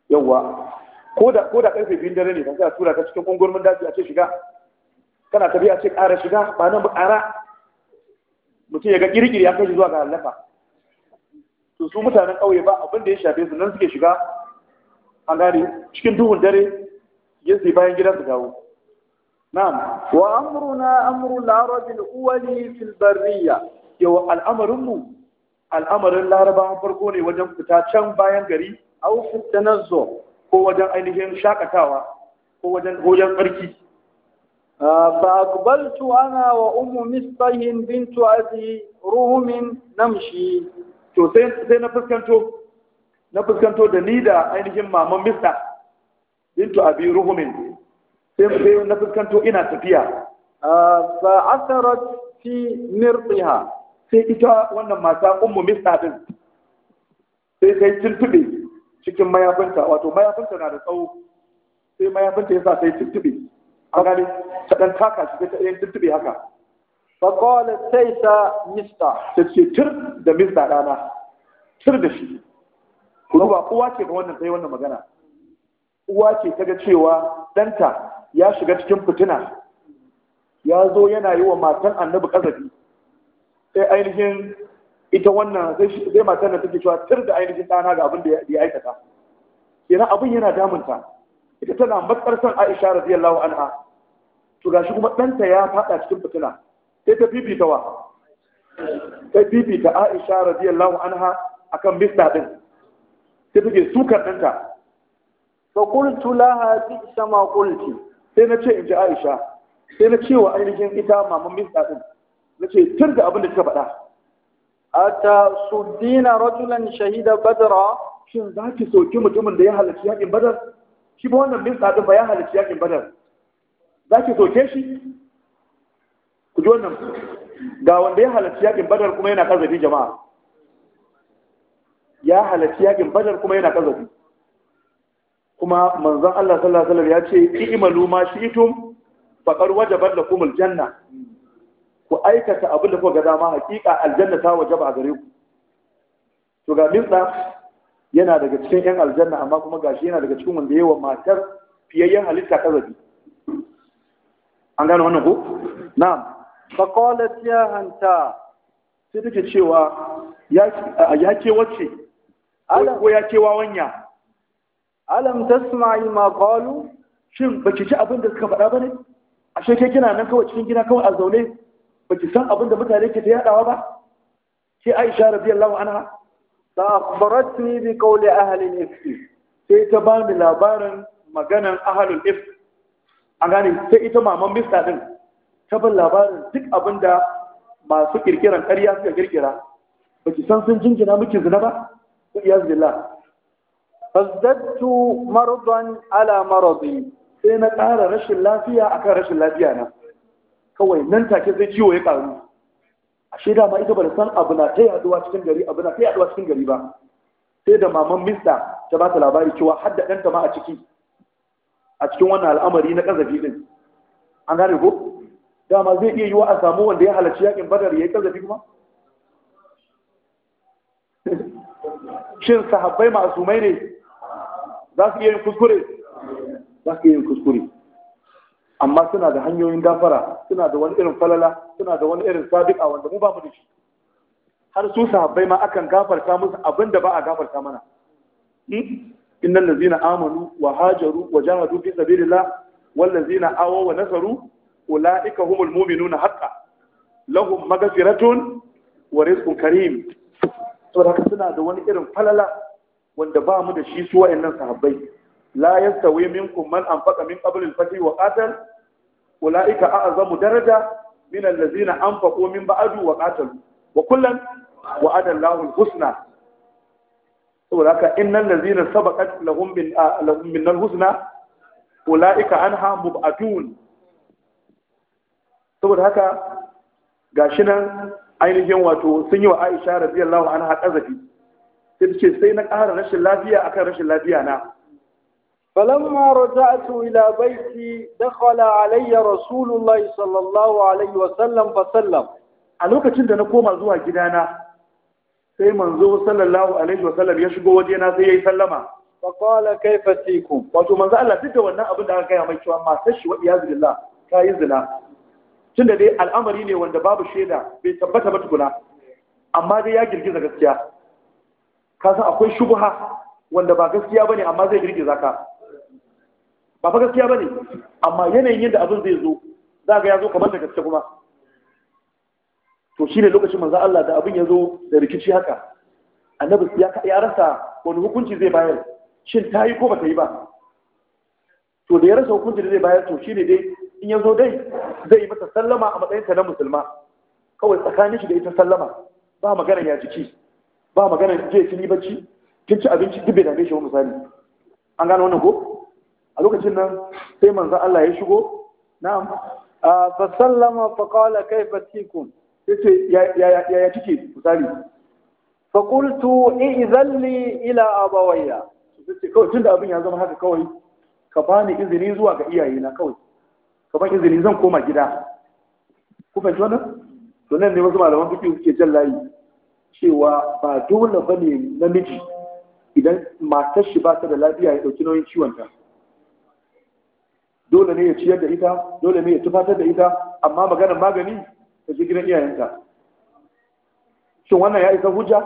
yawwa ko da karfe biyun dare ne kan sa tura ka cikin kungurmin daji a ce shiga kana tafiya a ce ƙara shiga ba nan ba ƙara mutum ya ga kirkiri ya kai zuwa ga halaka to su mutanen ƙauye ba abin da ya shafe su nan suke shiga an gane cikin duhun dare ya bayan gidan su dawo na'am wa amruna amru al-arab al-awwali fil barriya yau al'amarin mu al'amarin larabawan farko ne wajen fita can bayan gari au fi zo ko wajen ainihin shakatawa ko wajen goyon tsarki فأقبلت ah, wa umu mistahin بنت أبي ruhumin namshi. to sai na fuskanto na fuskanto da ni da ainihin maman mista bintu abi ruhumin sai sai na fuskanto ina tafiya ah, fa asarat fi mirqiha sai ita wannan mata umu mista din sai sai tuntube cikin mayafinta wato mayafinta na da tsawo sai mayafinta ya sa sai yi tuntube an gane ta ɗan taka shi sai ta yin tuntube haka faƙola sai ta mista ta ce tur da mista ɗana tur da shi kuma ba uwa ce ga wannan sai wannan magana uwa ce ta ga cewa ɗanta ya shiga cikin fitina ya zo yana yi wa matan annabi ƙazafi sai ainihin ita wannan zai matar da take cewa tur da ainihin ɗana ga abin da ya aikata kenan abin yana damunta ita tana matsar san aisha radiyallahu anha to gashi kuma ɗanta ya faɗa cikin fitina sai ta bibita wa sai bibita aisha radiyallahu anha akan bista din sai take sukar danta. fa qultu laha bi'sa sama qulti sai na ce in ji aisha sai na ce wa ainihin ita maman bista din na ce tur da abin da kika faɗa ata suddina rajulan shahida badra shin za ki soki mutumin da ya halarci yakin badar shi ba wannan bin sadin ba ya halarci yakin badar za ki soke shi ku ji wannan ga wanda ya halarci yakin badar kuma yana karzafi jama'a ya halarci yakin badar kuma yana karzafi kuma manzon Allah sallallahu alaihi wasallam ya ce imalu ma shi'tum faqad wajabat lakum aljanna ku aikata abin da kuka ga dama hakika aljanna ta wajaba a gare ku to ga mizda yana daga cikin yan aljanna amma kuma gashi yana daga cikin wanda yawa matar fiyayyen halitta zabi an gano wannan ko na'am fa qalat ya hanta sai take cewa ya ke wacce ko ya ke wanya alam tasma'i ma qalu shin baki ji abin da suka faɗa bane ashe ke kina nan kawai cikin gida kawai a zaune baki san abin da mutane ke ta yadawa ba ke Aisha radiyallahu anha fa akhbaratni bi qawli ahli al-ifk sai ta ba ni labarin maganan ahli al-ifk an gane sai ita maman Mista din ta ban labarin duk abin da masu kirkiran ƙarya suka kirkira baki san sun jinjina miki zina ba ku iyaz billah fazdadtu maradan ala maradi sai na ƙara rashin lafiya akan rashin lafiya na kawai nan take sai ciwo ya karu ashe dama ita ba san abu na ta yaduwa cikin gari abu na ta yaduwa cikin gari ba sai da maman mista ta ba ta labari cewa har da ɗanta ma a ciki a cikin wannan al'amari na ƙazafi din an gane ko dama zai iya yiwa a samu wanda ya halarci yakin badar ya yi ƙazafi kuma shin sahabbai masumai ne za su iya yin kuskure za su iya yin kuskure amma suna da hanyoyin gafara suna da wani irin falala suna da wani irin sabiqa wanda mu ba mu da shi har su sahabbai ma akan gafarta musu abin da ba a gafarta mana hmm? innal ladzina amanu wa hajaru wa jahadu fi sabilillah wal ladzina awaw wa nasaru ulaika humul mu'minuna haqqan lahum maghfiratun wa rizqun karim saboda haka suna da wani irin falala wanda ba mu da shi su wa'annan sahabbai la yastawi man anfaqa min qabl al-fath wa qatal ulaika a'zamu daraja min allazina anfaqu min ba'du wa wa kullan wa'ada Allahu al-husna saboda haka innal ladzina sabaqat lahum min ah, saboda haka gashi nan ainihin wato sun yi wa Aisha radiyallahu anha kazafi sai ce sai na ƙara rashin lafiya akan rashin lafiya na فلما رجعت إلى بيتي دخل علي رسول الله صلى الله عليه وسلم فسلم a lokacin da na koma zuwa gidana sai manzo sallallahu alaihi wa sallam ya shigo wajena sai yayi sallama fa qala kayfa tikum wato Allah da wannan abin da aka gaya mai cewa matar shi wadiya zillah ta yi zina tunda dai al'amari ne wanda babu shaida bai tabbata ba tukuna amma dai ya girgiza gaskiya ka san akwai shubha wanda ba gaskiya bane amma zai girgiza ka ba fa gaskiya bane amma yanayin yadda abin zai zo za ga ya zo kamar da gaske kuma to shine lokacin manzo Allah da abin ya zo da rikici haka annabi ya ya rasa wani hukunci zai bayar shin ta yi ko ba ta yi ba to da ya rasa hukunci da zai bayar to shine dai in ya zo dai zai yi mata sallama a matsayin ta na musulma kawai tsakanin shi da ita sallama ba magana ya jiki ba magana je kin yi bacci kin ci abinci duk da dame shi ba misali an gano wannan ko a lokacin nan sai manzo Allah ya shigo na'am fa sallama fa qala kayfa tikun yace ya ya ya misali fa qultu idhan li ila abawayya yace kawai tunda abin ya zama haka kawai ka bani izini zuwa ga iyayena kawai ka bani izini zan koma gida ku fahimci wannan to nan ne wasu malaman fiqh suke jan layi cewa ba dole bane namiji idan matar shi ba ta da lafiya ya dauki nauyin ciwon ta dole ne ya ciyar da ita dole ne ya tufatar da ita amma maganar magani ta ji gidan iyayenta shin wannan ya isa hujja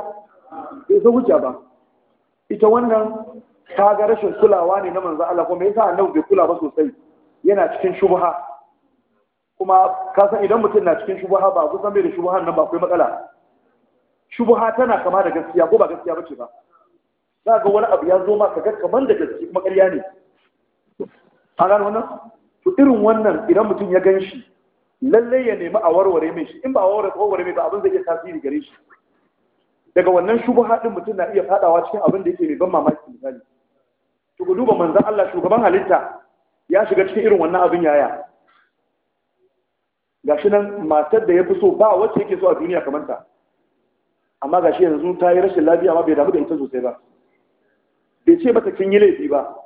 ya isa hujja ba ita wannan ta ga rashin kulawa ne na manzo Allah kuma yasa annabi bai kula ba sosai yana cikin shubha kuma ka san idan mutum na cikin shubha ba san bai da shubhan nan ba akwai matsala shubha tana kama da gaskiya ko ba gaskiya bace ba za ga wani abu ya zo ma ka ga kaman da gaskiya kuma ƙarya ne A gano wannan to irin wannan idan mutum ya gan shi lallai ya nemi a warware mai shi in ba a warware mai ba abin zai iya tasiri gare shi daga wannan shubuha haɗin mutum na iya fadawa cikin abin da yake mai ban mamaki misali to ku duba Allah shugaban halitta ya shiga cikin irin wannan abin yaya gashi nan matar da ya fi so ba wacce yake so a duniya kamar ta amma gashi yanzu ta yi rashin lafiya amma bai damu da ita sosai ba bai ce mata kin yi laifi ba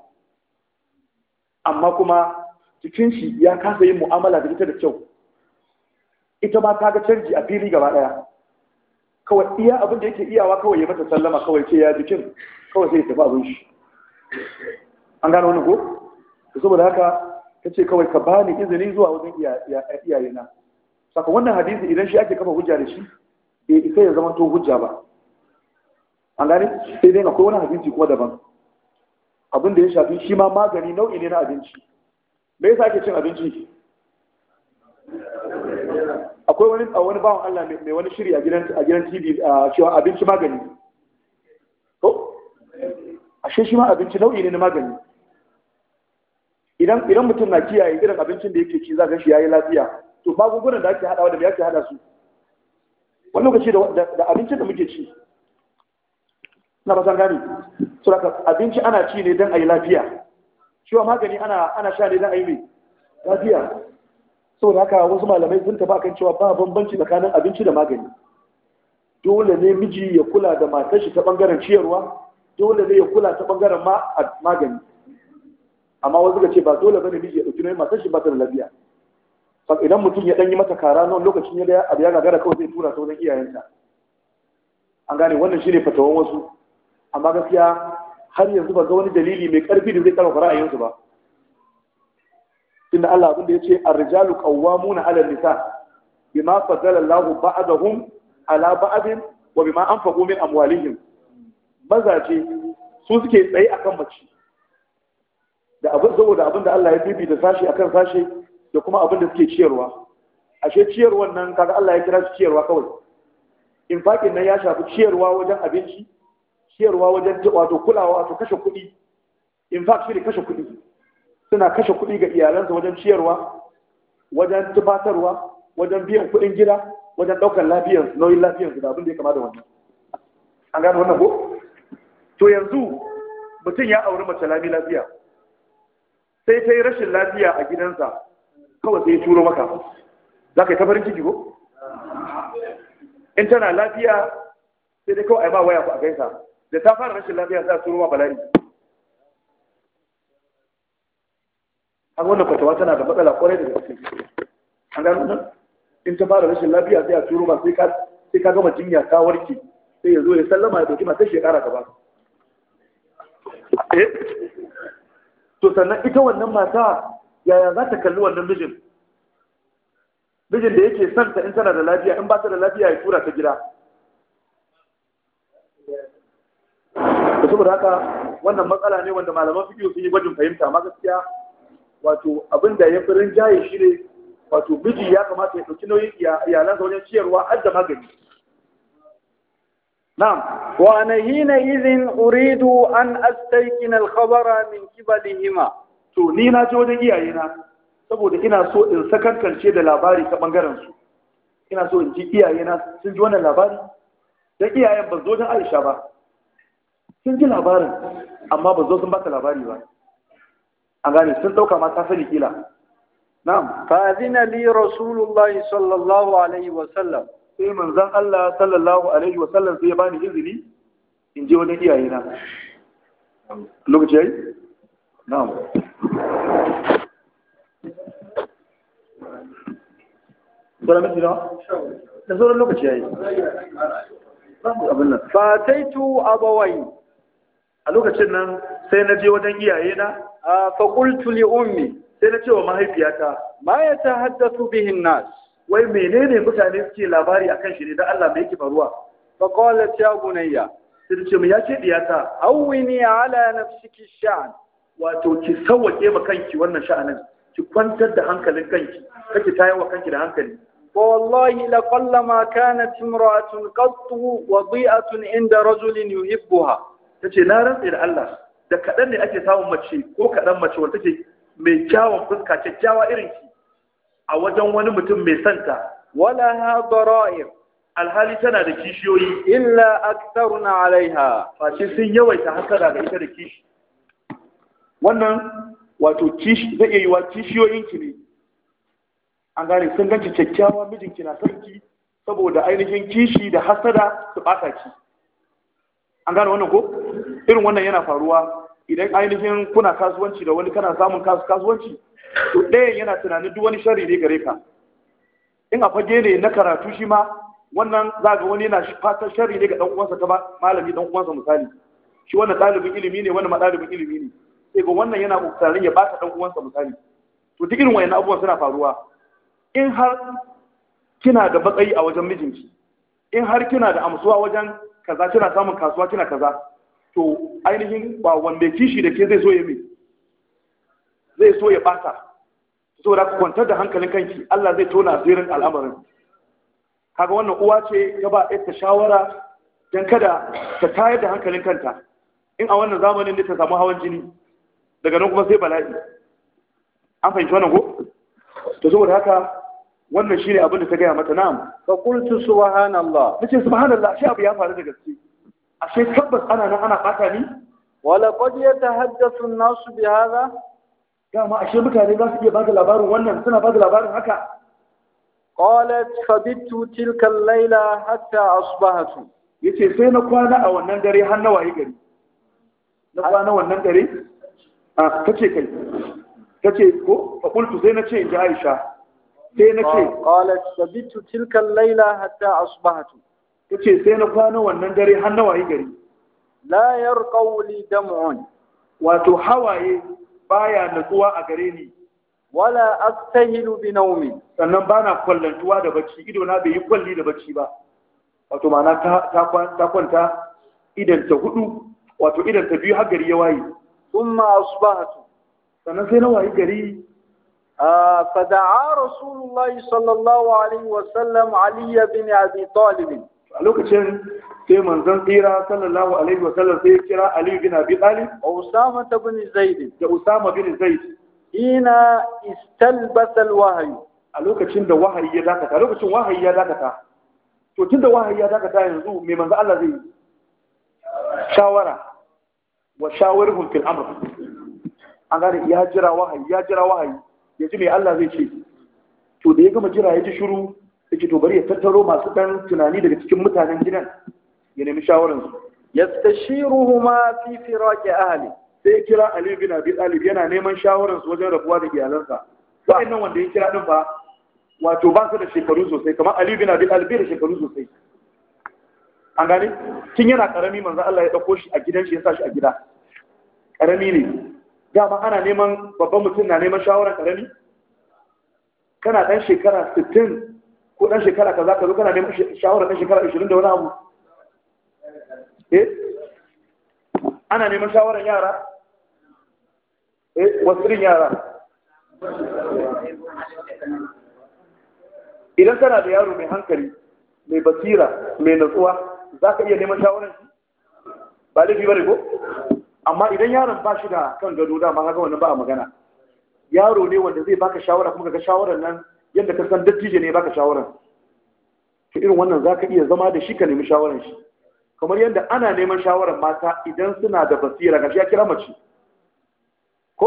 amma kuma cikin shi ya kasa yin mu'amala da ita da kyau ita ma ta ga canji a fili gaba daya kawai iya abin da yake iyawa kawai ya mata sallama kawai ce ya jikin kawai sai ya tafi abin shi an gano wani ko saboda haka ta ce kawai ka bani izini zuwa wajen iyayena saka wannan hadisi idan shi ake kafa hujja da shi bai isa ya zama to hujja ba an gane sai dai akwai wani hadisi kuma daban abin da ya shafi shi ma magani nau'i ne na abinci me yasa ake cin abinci akwai wani a wani bawan Allah mai wani shiri a gidan a gidan TV a cewa abinci magani to ashe shi ma abinci nau'i ne na magani idan idan mutum na kiyaye irin abincin da yake ci za ka shi yayi lafiya to magungunan da ake hadawa da me ake hada su wani lokaci da abincin da muke ci na ba san gane so abinci ana ci ne don a yi lafiya Cewa magani ana sha ne don a yi mai lafiya Sau da haka wasu malamai sun taba kan cewa ba bambanci tsakanin abinci da magani dole ne miji ya kula da matar shi ta bangaren ciyarwa dole ne ya kula ta bangaren magani amma wasu ga ce ba dole bane miji ya dauki nauyin matar shi ba ta da lafiya idan mutum ya ɗan yi mata kara nan lokacin ya abu ya gagara kawai zai tura ta wajen iyayenta an gane wannan shine fatawan wasu amma gaskiya har yanzu ba ga wani dalili mai karfi da zai karfafa ra'ayinsu ba inda Allah abinda ya ce arrijalu qawwamuna 'ala an-nisa bima faddala Allahu ba'dahum 'ala ba'din wa bima anfaqu min amwalihim mazaje su suke tsaye akan mace da abin saboda abin da Allah ya bibi da sashi akan sashi da kuma abin da suke ciyarwa ashe ciyarwan nan kaga Allah ya kira shi ciyarwa kawai in fakin nan ya shafi ciyarwa wajen abinci ciyarwa wajen wato kulawa wato kashe kuɗi in fact shi kashe kuɗi suna kashe kuɗi ga iyalansa wajen ciyarwa wajen tubatarwa, wajen biyan kuɗin gida wajen ɗaukar lafiyar nauyin lafiyar da abin da ya kama da wannan an gano wannan ko to yanzu mutum ya auri mace lami lafiya sai ta yi rashin lafiya a gidansa kawai sai ya turo maka za ka yi kafarin ciki ko in tana lafiya sai dai kawai a yi ma waya ku a gaisa da ta fara rashin lafiya za su ruwa bala'i an wanda kwatawa tana da matsala kwarai da gaske an gano nan in ta fara rashin lafiya sai a turo ma sai ka gama jinya ka warke sai ya zo ya sallama ya dauki ma sai shekara gaba eh? to sannan ita wannan mata yaya za ta kalli wannan mijin mijin da yake son ta in tana da lafiya in ba ta da lafiya ya tura ta gida to saboda haka wannan matsala ne wanda malaman fiki sun yi gwajin fahimta ma gaskiya wato abin da ya fi rinjaye shi ne wato miji ya kamata ya ɗauki nauyin iyalansa wajen ciyarwa har da magani نعم وأنا حينئذ اريد ان استيقن الخبر من قبلهما to ni na je wajen iyayena saboda ina so in sakankance da labari لاباري تا su ina so in ان iyayena sun ji جو labari dan iyayen ba zo wajen Aisha ba sun ji labarin amma ba zo sun baka labari ba an gane sun dauka ma ta sani kila na'am fa azina li rasulullah sallallahu alaihi wa sallam sai manzon Allah sallallahu alaihi wa sallam sai ya bani izini in je iyaye na. lokaci yayi na'am Bara mai na? Da sauran lokaci yayi. Fataitu abawai a lokacin nan sai na je wajen iyaye na A qultu li ummi sai na ce wa mahaifiyata ma ya tahaddathu bihin nas wai menene mutane suke labari akan shi ne dan Allah me yake faruwa fa qalat ya bunayya sai ce mu ya diyata awwini ala nafsiki sha'an wato ki sawwake ma kanki wannan sha'anin ki kwantar da hankalin kanki kake tayawa kanki da hankali فوالله لقلما كانت امرأة قط وضيئة عند رجل يحبها ta ce na rantse da Allah da kaɗan ne ake samun mace ko kaɗan mace wanda take mai kyawun fuska kyakkyawa irin ki a wajen wani mutum mai santa wala ha dara'ir alhali tana da kishiyoyi illa aktaruna alaiha fashi sun yawaita hasara da ita da kishi wannan wato kishi zai iya yiwa kishiyoyin ki ne an gane sun ganci kyakkyawa mijinki na sarki saboda ainihin kishi da hasada su ɓata ki an gane wannan ko irin wannan yana faruwa idan ainihin kuna kasuwanci da wani kana samun kasuwanci to ɗayan yana tunanin duk wani shari ne gare ka in a fage ne na karatu shi ma wannan za ga wani yana fatan shari ne ga ɗan uwansa ta malami ɗan uwansa misali shi wannan ɗalibin ilimi ne wannan ma ɗalibin ilimi ne sai ga wannan yana ƙoƙarin ya baka ɗan uwansa misali to duk irin wayannan abubuwan suna faruwa in har kina da matsayi a wajen mijinki in har kina da amsuwa wajen kaza kina samun kasuwa kina kaza to ainihin ba wanda kishi da ke zai so ya mai zai so ya bata saboda ku kwantar da hankalin kanki Allah zai tona zirin al'amarin kaga wannan uwa ce ta ba ita shawara dan kada ta tayar da hankalin kanta in a wannan zamanin ne ta samu hawan jini daga nan kuma sai bala'i an fahimci wannan ko to saboda haka wannan shine abin da ta gaya mata na'am fa qultu subhanallah nace subhanallah shi abu ya faru da gaske ashe tabbas ana nan ana fata ni wala qad yatahaddathu an-nas bi hadha dama ashe mutane za su iya bada labarin wannan suna bada labarin haka qalat fabittu tilka al-laila hatta asbahatu yace sai na kwana a wannan dare har na waye gari na kwana wannan dare a kace kai kace ko fa qultu sai na ce ji Aisha sai na ce qalat fabittu tilka al-laila hatta asbahatu ta ce sai na kwana wannan dare har na wayi gari la yarqau li dam'un wato hawaye baya natsuwa a gare ni wala astahilu bi nawmi sannan bana kwallantuwa da bacci ido na bai yi kwalli da bacci ba wato ma'ana ta kwanta idan ta hudu wato idan ta biyu har gari ya waye thumma asbahatu sannan sai na wayi gari فدعا رسول الله صلى الله عليه وسلم علي بن أبي a lokacin sai manzon tsira sallallahu alaihi wa sallam sai kira Ali bin Abi Talib wa Usama bin Zaid da Usama bin Zaid ina istalbasa alwahyi a lokacin da wahayi ya dakata lokacin wahayi ya dakata to tunda wahayi ya dakata yanzu me manzo Allah zai shawara wa shawirhum fil amr an gane ya jira wahayi ya jira wahayi ya ji me Allah zai ce to da ya gama jira ya ji shiru sai to bari ya tattaro masu ɗan tunani daga cikin mutanen gidan ya nemi shawararsu yastashiruhuma fi firaqi ahli sai kira Ali bin Abi Talib yana neman shawararsu wajen rabuwa da iyalansa nan wanda ya kira din ba wato ba su da shekaru sosai kamar Ali bin Abi Talib da shekaru sosai an gane kin yana karami manzo Allah ya dauko shi a gidan shi ya sa shi a gida karami ne dama ana neman babban mutum na neman shawarar karami kana dan shekara 60 ko dan shekara kaza ka zo kana neman shawara dan shekara 20 da wani abu eh ana neman shawaran yara eh wasirin yara idan kana da yaro mai hankali mai basira mai natsuwa za ka iya neman shawarar shi ba laifi ne, ko amma idan yaron ba shi da kan gado dama haka wannan ba a magana yaro ne wanda zai baka shawara kuma ga shawaran nan yadda ka san dattijo ne baka shawara to irin wannan zaka iya zama da shi ka nemi shawaran shi kamar yadda ana neman shawaran mata idan suna da basira gashi ya kira mace ko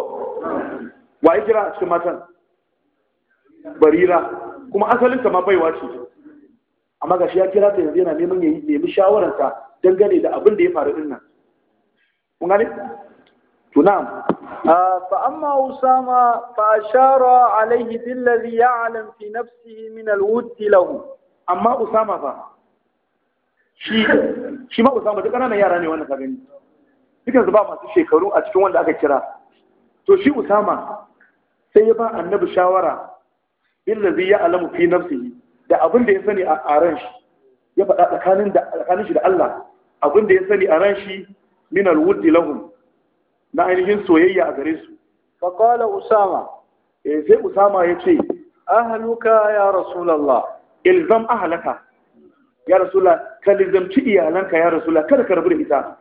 wa ya kira a cikin matan barira kuma asalin ta ma baiwa ce amma gashi ya kira ta yanzu yana neman ya nemi shawaran ta dangane da abin da ya faru din nan kun gane نعم فأما أسامة فأشار عليه بالذي يعلم في نفسه من الود له أما أسامة فا shi shi ma Usama duk ƙananan yara ne wannan ka gani dukan su ba masu shekaru a cikin wanda aka kira to shi Usama sai ya ba annabi shawara billazi ya alamu fi nafsihi da abin da ya sani a ran shi ya faɗa tsakanin da tsakanin shi da Allah abin da ya sani a ran shi min alwuddi lahum na ainihin soyayya a gare su Fakwala usama eh sai usama ya ce ahaluka ya rasulallah ilzam ahalaka ya rasula ka lizamci iyalanka ya rasula kada ka rabu da ita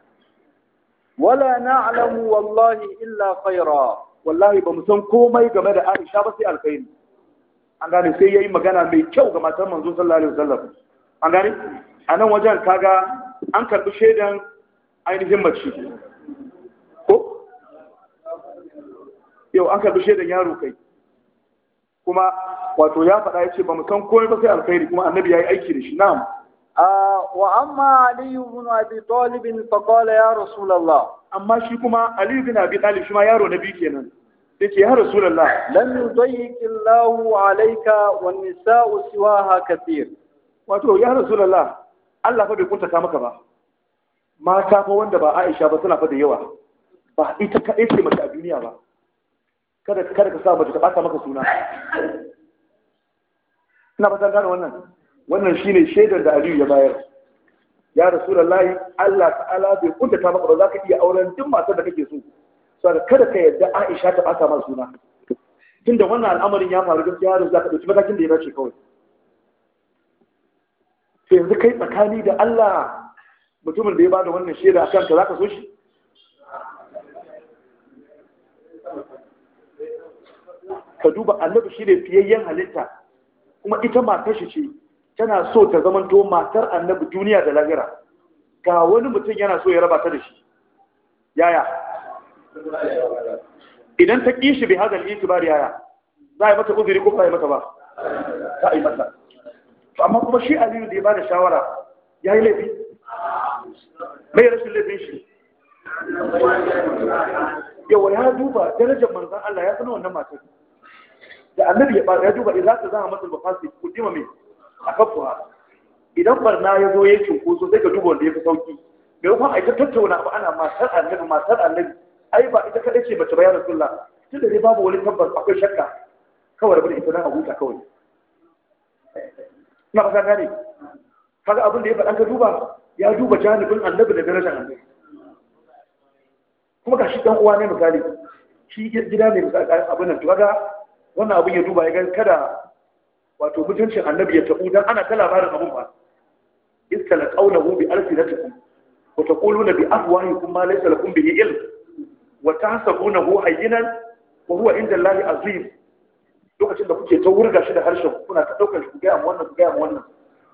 wala na alamu wallahi illa khaira wallahi ba mu san komai game da Aisha ba sai alkhairi an gane sai ya yi magana mai kyau ga matar manzo sallallahu alaihi wasallam an gane a nan wajen kaga an karɓi shaidan ainihin mace yau an karbi shaidan yaro kai kuma wato ya faɗa ya ce ba san komai ba sai alkhairi kuma annabi ya yi aiki da shi na'am wa amma Aliyu bin abi talibin fa ya rasulallah amma shi kuma Aliyu bin abi talib shi ma yaro biyu kenan Dake ya zai lam yudayyik alaika alayka wan nisa'u siwaha kathir wato ya rasulallah Allah fa bai ka maka ba mata fa wanda ba Aisha ba suna fa da yawa ba ita kaɗai ce mace a duniya ba kada kada ka sa mace ta ɓata maka suna ina fatan gane wannan wannan shine shaidar da Aliyu ya bayar ya rasulullahi Allah ta'ala bai kuntata maka ba za ka iya auren duk matar da kake so saboda kada ka yarda Aisha ta ɓata maka suna tunda wannan al'amarin ya faru gaskiya da za ka ɗauki matakin da ya dace kawai yanzu kai tsakani da Allah mutumin da ya bada wannan shaida akan ka za ka so shi ka duba annabi shi ne fiyayyen halitta kuma ita matar shi ce tana so ta to matar annabi duniya da lahira ga wani mutum yana so ya raba ta da shi yaya idan ta kishi bi hadal itibar yaya za a yi mata uzuri ko ba yi mata ba za a yi mata to amma kuma shi aliyu da ya bada shawara ya yi laifi mai rashin laifin shi yawa ya duba darajar manzan Allah ya sanar wannan matar da annabi ya ya duba idan ka zama matsal mafasi kudima mai kafuwa. idan barna ya zo ya so sai ka duba wanda ya fi sauki mai kuma a ita tattauna ba ana matar annabi matar annabi ai ba ita kada ce mace ba ya rasulullah tun da dai babu wani tabbas akwai shakka kawai rabu da ita a huta kawai ina ba gane kaga abin da ya faɗa ka duba ya duba janibin annabi da darajar annabi kuma ga shi dan uwa ne misali shi gida ne misali abin nan to kaga wannan abin ya duba ya ga kada wato mutuncin annabi ya tabu dan ana ta labarin abun ba istala qawluhu bi alsinatikum wa taquluna bi afwahikum ma laysa lakum bihi ilm wa tahsabunahu hayyinan wa huwa inda allahi azim lokacin da kuke ta wurga shi da harshen kuna ta daukar shi ku ga wannan ku ga wannan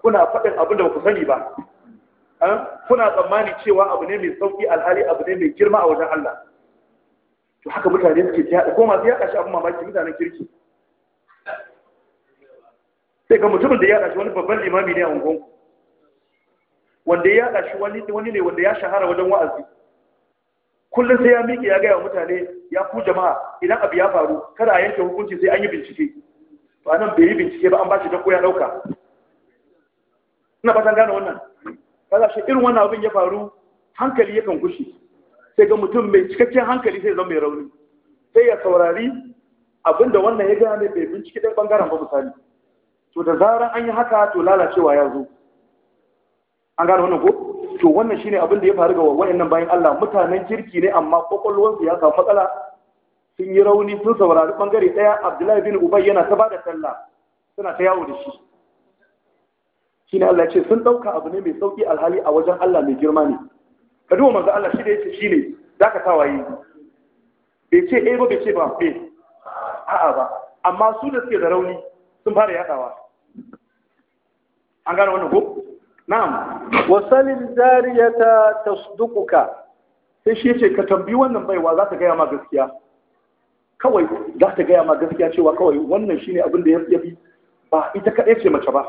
kuna faɗin abin da ba ku sani ba kuna tsammani cewa abu ne mai sauki alhali abu ne mai girma a wajen Allah to haka mutane suke ta yaɗa ko masu yaɗa shi abin mamaki mutanen kirki sai ga mutumin da ya yaɗa shi wani babban limami ne a unguwanku wanda ya yaɗa shi wani ne wanda ya shahara wajen wa'azi kullum sai ya miƙe ya gaya wa mutane ya ku jama'a idan abu ya faru kada a yanke hukunci sai an yi bincike ba nan bai yi bincike ba an ba shi don ya ɗauka ina ba gane wannan kaga shi irin wannan abin ya faru hankali yakan gushe sai ga mutum mai cikakken hankali sai zama mai rauni sai ya saurari abinda wannan ya gane bai binciki ɗan ɓangaren ba misali to da zaran an yi haka to lalacewa ya zo an gane wannan ko to wannan shine abin da ya faru ga wayannan bayan Allah mutanen kirki ne amma kwakwalwarsu ya samu matsala sun yi rauni sun saurari bangare ɗaya Abdullahi bin Ubay yana ta bada sallah suna ta yawo da shi shine Allah ya ce sun ɗauka abu ne mai sauki alhali a wajen Allah mai girma ne ka duba manzo Allah shi da za shine zaka tawaye bai ce eh ba bai ce ba bai a'a ba amma su da suke da rauni sun fara yadawa an gane wannan ko na'am wasalil jariyata tasduquka sai shi yace ka tambayi wannan baiwa za ta gaya ma gaskiya kawai za ta gaya ma gaskiya cewa kawai wannan shine abin da ya fi ba ita kaɗai ce mace ba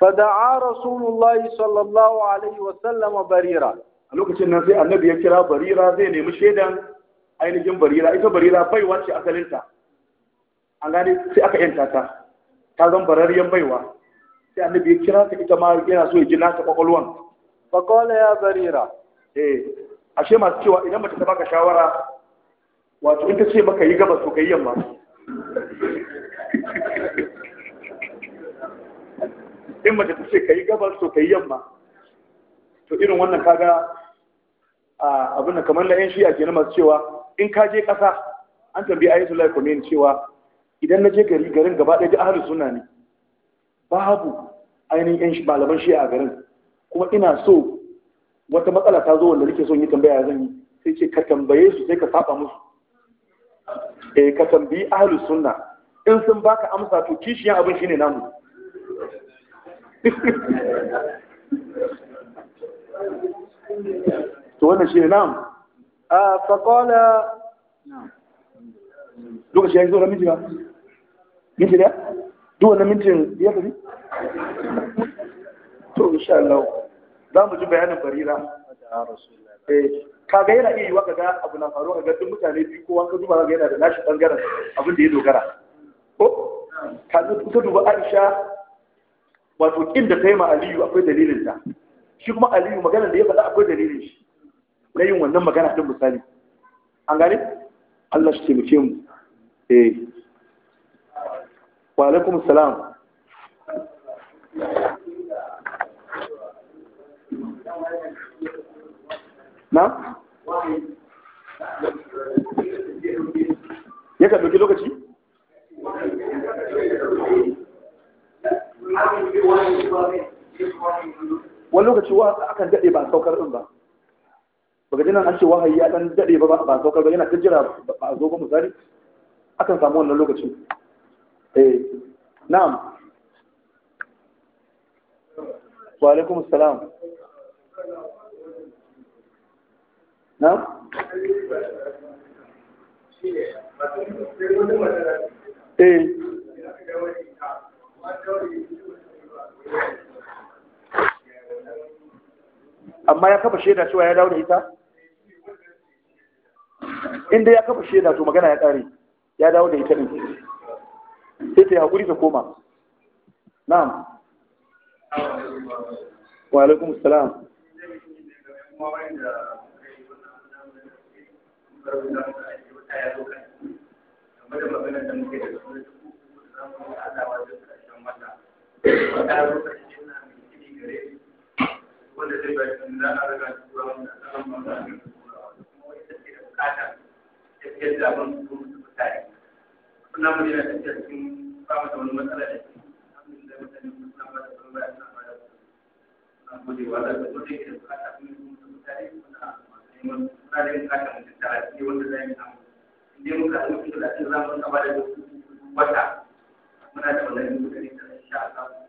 فدعا رسول الله صلى الله عليه وسلم بريرا a lokacin nan sai annabi ya kira barira zai nemi shaidan ainihin barira ita barira baiwa ce asalinta an gane sai aka yanta ta ta zan bararriyar baiwa sai annabi ya kira ta ita ma yana so ya gina ta kwakwalwan fakola ya barira eh ashe masu cewa idan mace ta baka shawara wato in ta ce maka yi gaba to ka yi yamma in mace ta ce ka yi gabas to ka yi yamma to irin wannan kaga abin da kamar na 'yan shiya ke masu cewa in ka je ƙasa an tambayi ayatul laifin ne cewa idan na je gari garin gaba ɗaya ahalus suna ne babu ainihin 'yan malaman shiya a garin kuma ina so wata matsala ta zo wanda nake so yi tambaya zan yi sai ce ka tambaye su sai ka saba musu eh ka tambayi ahlus suna. in sun baka amsa to kishiyan abin shine namu to wannan shi ne na'am fa qala lokaci ya yi zo na miji ba minti da duwa na mintin ya tafi to insha Allah za mu ji bayanin barira eh, kaga yana iya yiwa kaga abu na faru kaga duk mutane biyu kowa ka duba kaga yana da nashi bangaren abin da ya dogara ko ka duba Aisha wato kin da kai ma aliyu akwai dalilin ta shi kuma aliyu magana da ya faɗa akwai dalilin shi na yin wannan magana don misali an gane Allah shi taimake mu eh wa alaikum salam na ya ka ɗauki lokaci wani lokaci wa akan daɗe ba saukar ɗin ba baka jinan an ce wahayi ya ɗan daɗe ba ba saukar ba yana ta jira ba a zo ba misali akan samu wannan lokaci eh na'am wa alaikum salam na'am eh amma ya kafa shaida cewa ya dawo da ita inda ya kafa shaida to magana ya kare ya dawo da ita ne sai ta hakuri haƙuri ta koma na'am wa alaikum salam da wanda zai ba shi za a riga shi zuwa wanda a kan mamaki kuma ita ce da bukata ya fiye da abin su mutane suna mu yana tafiya cikin ba mu da wani matsala da shi alhamdulillah mutane suna ba da wani bayan suna ba da suna gode wa da kuma da da bukata kuma su mutane suna neman suna da bukata mutum da rafi wanda za mu samu inda muka haɗu da lafiya za mu saba da wata muna da wannan yin kuɗi da shi a samu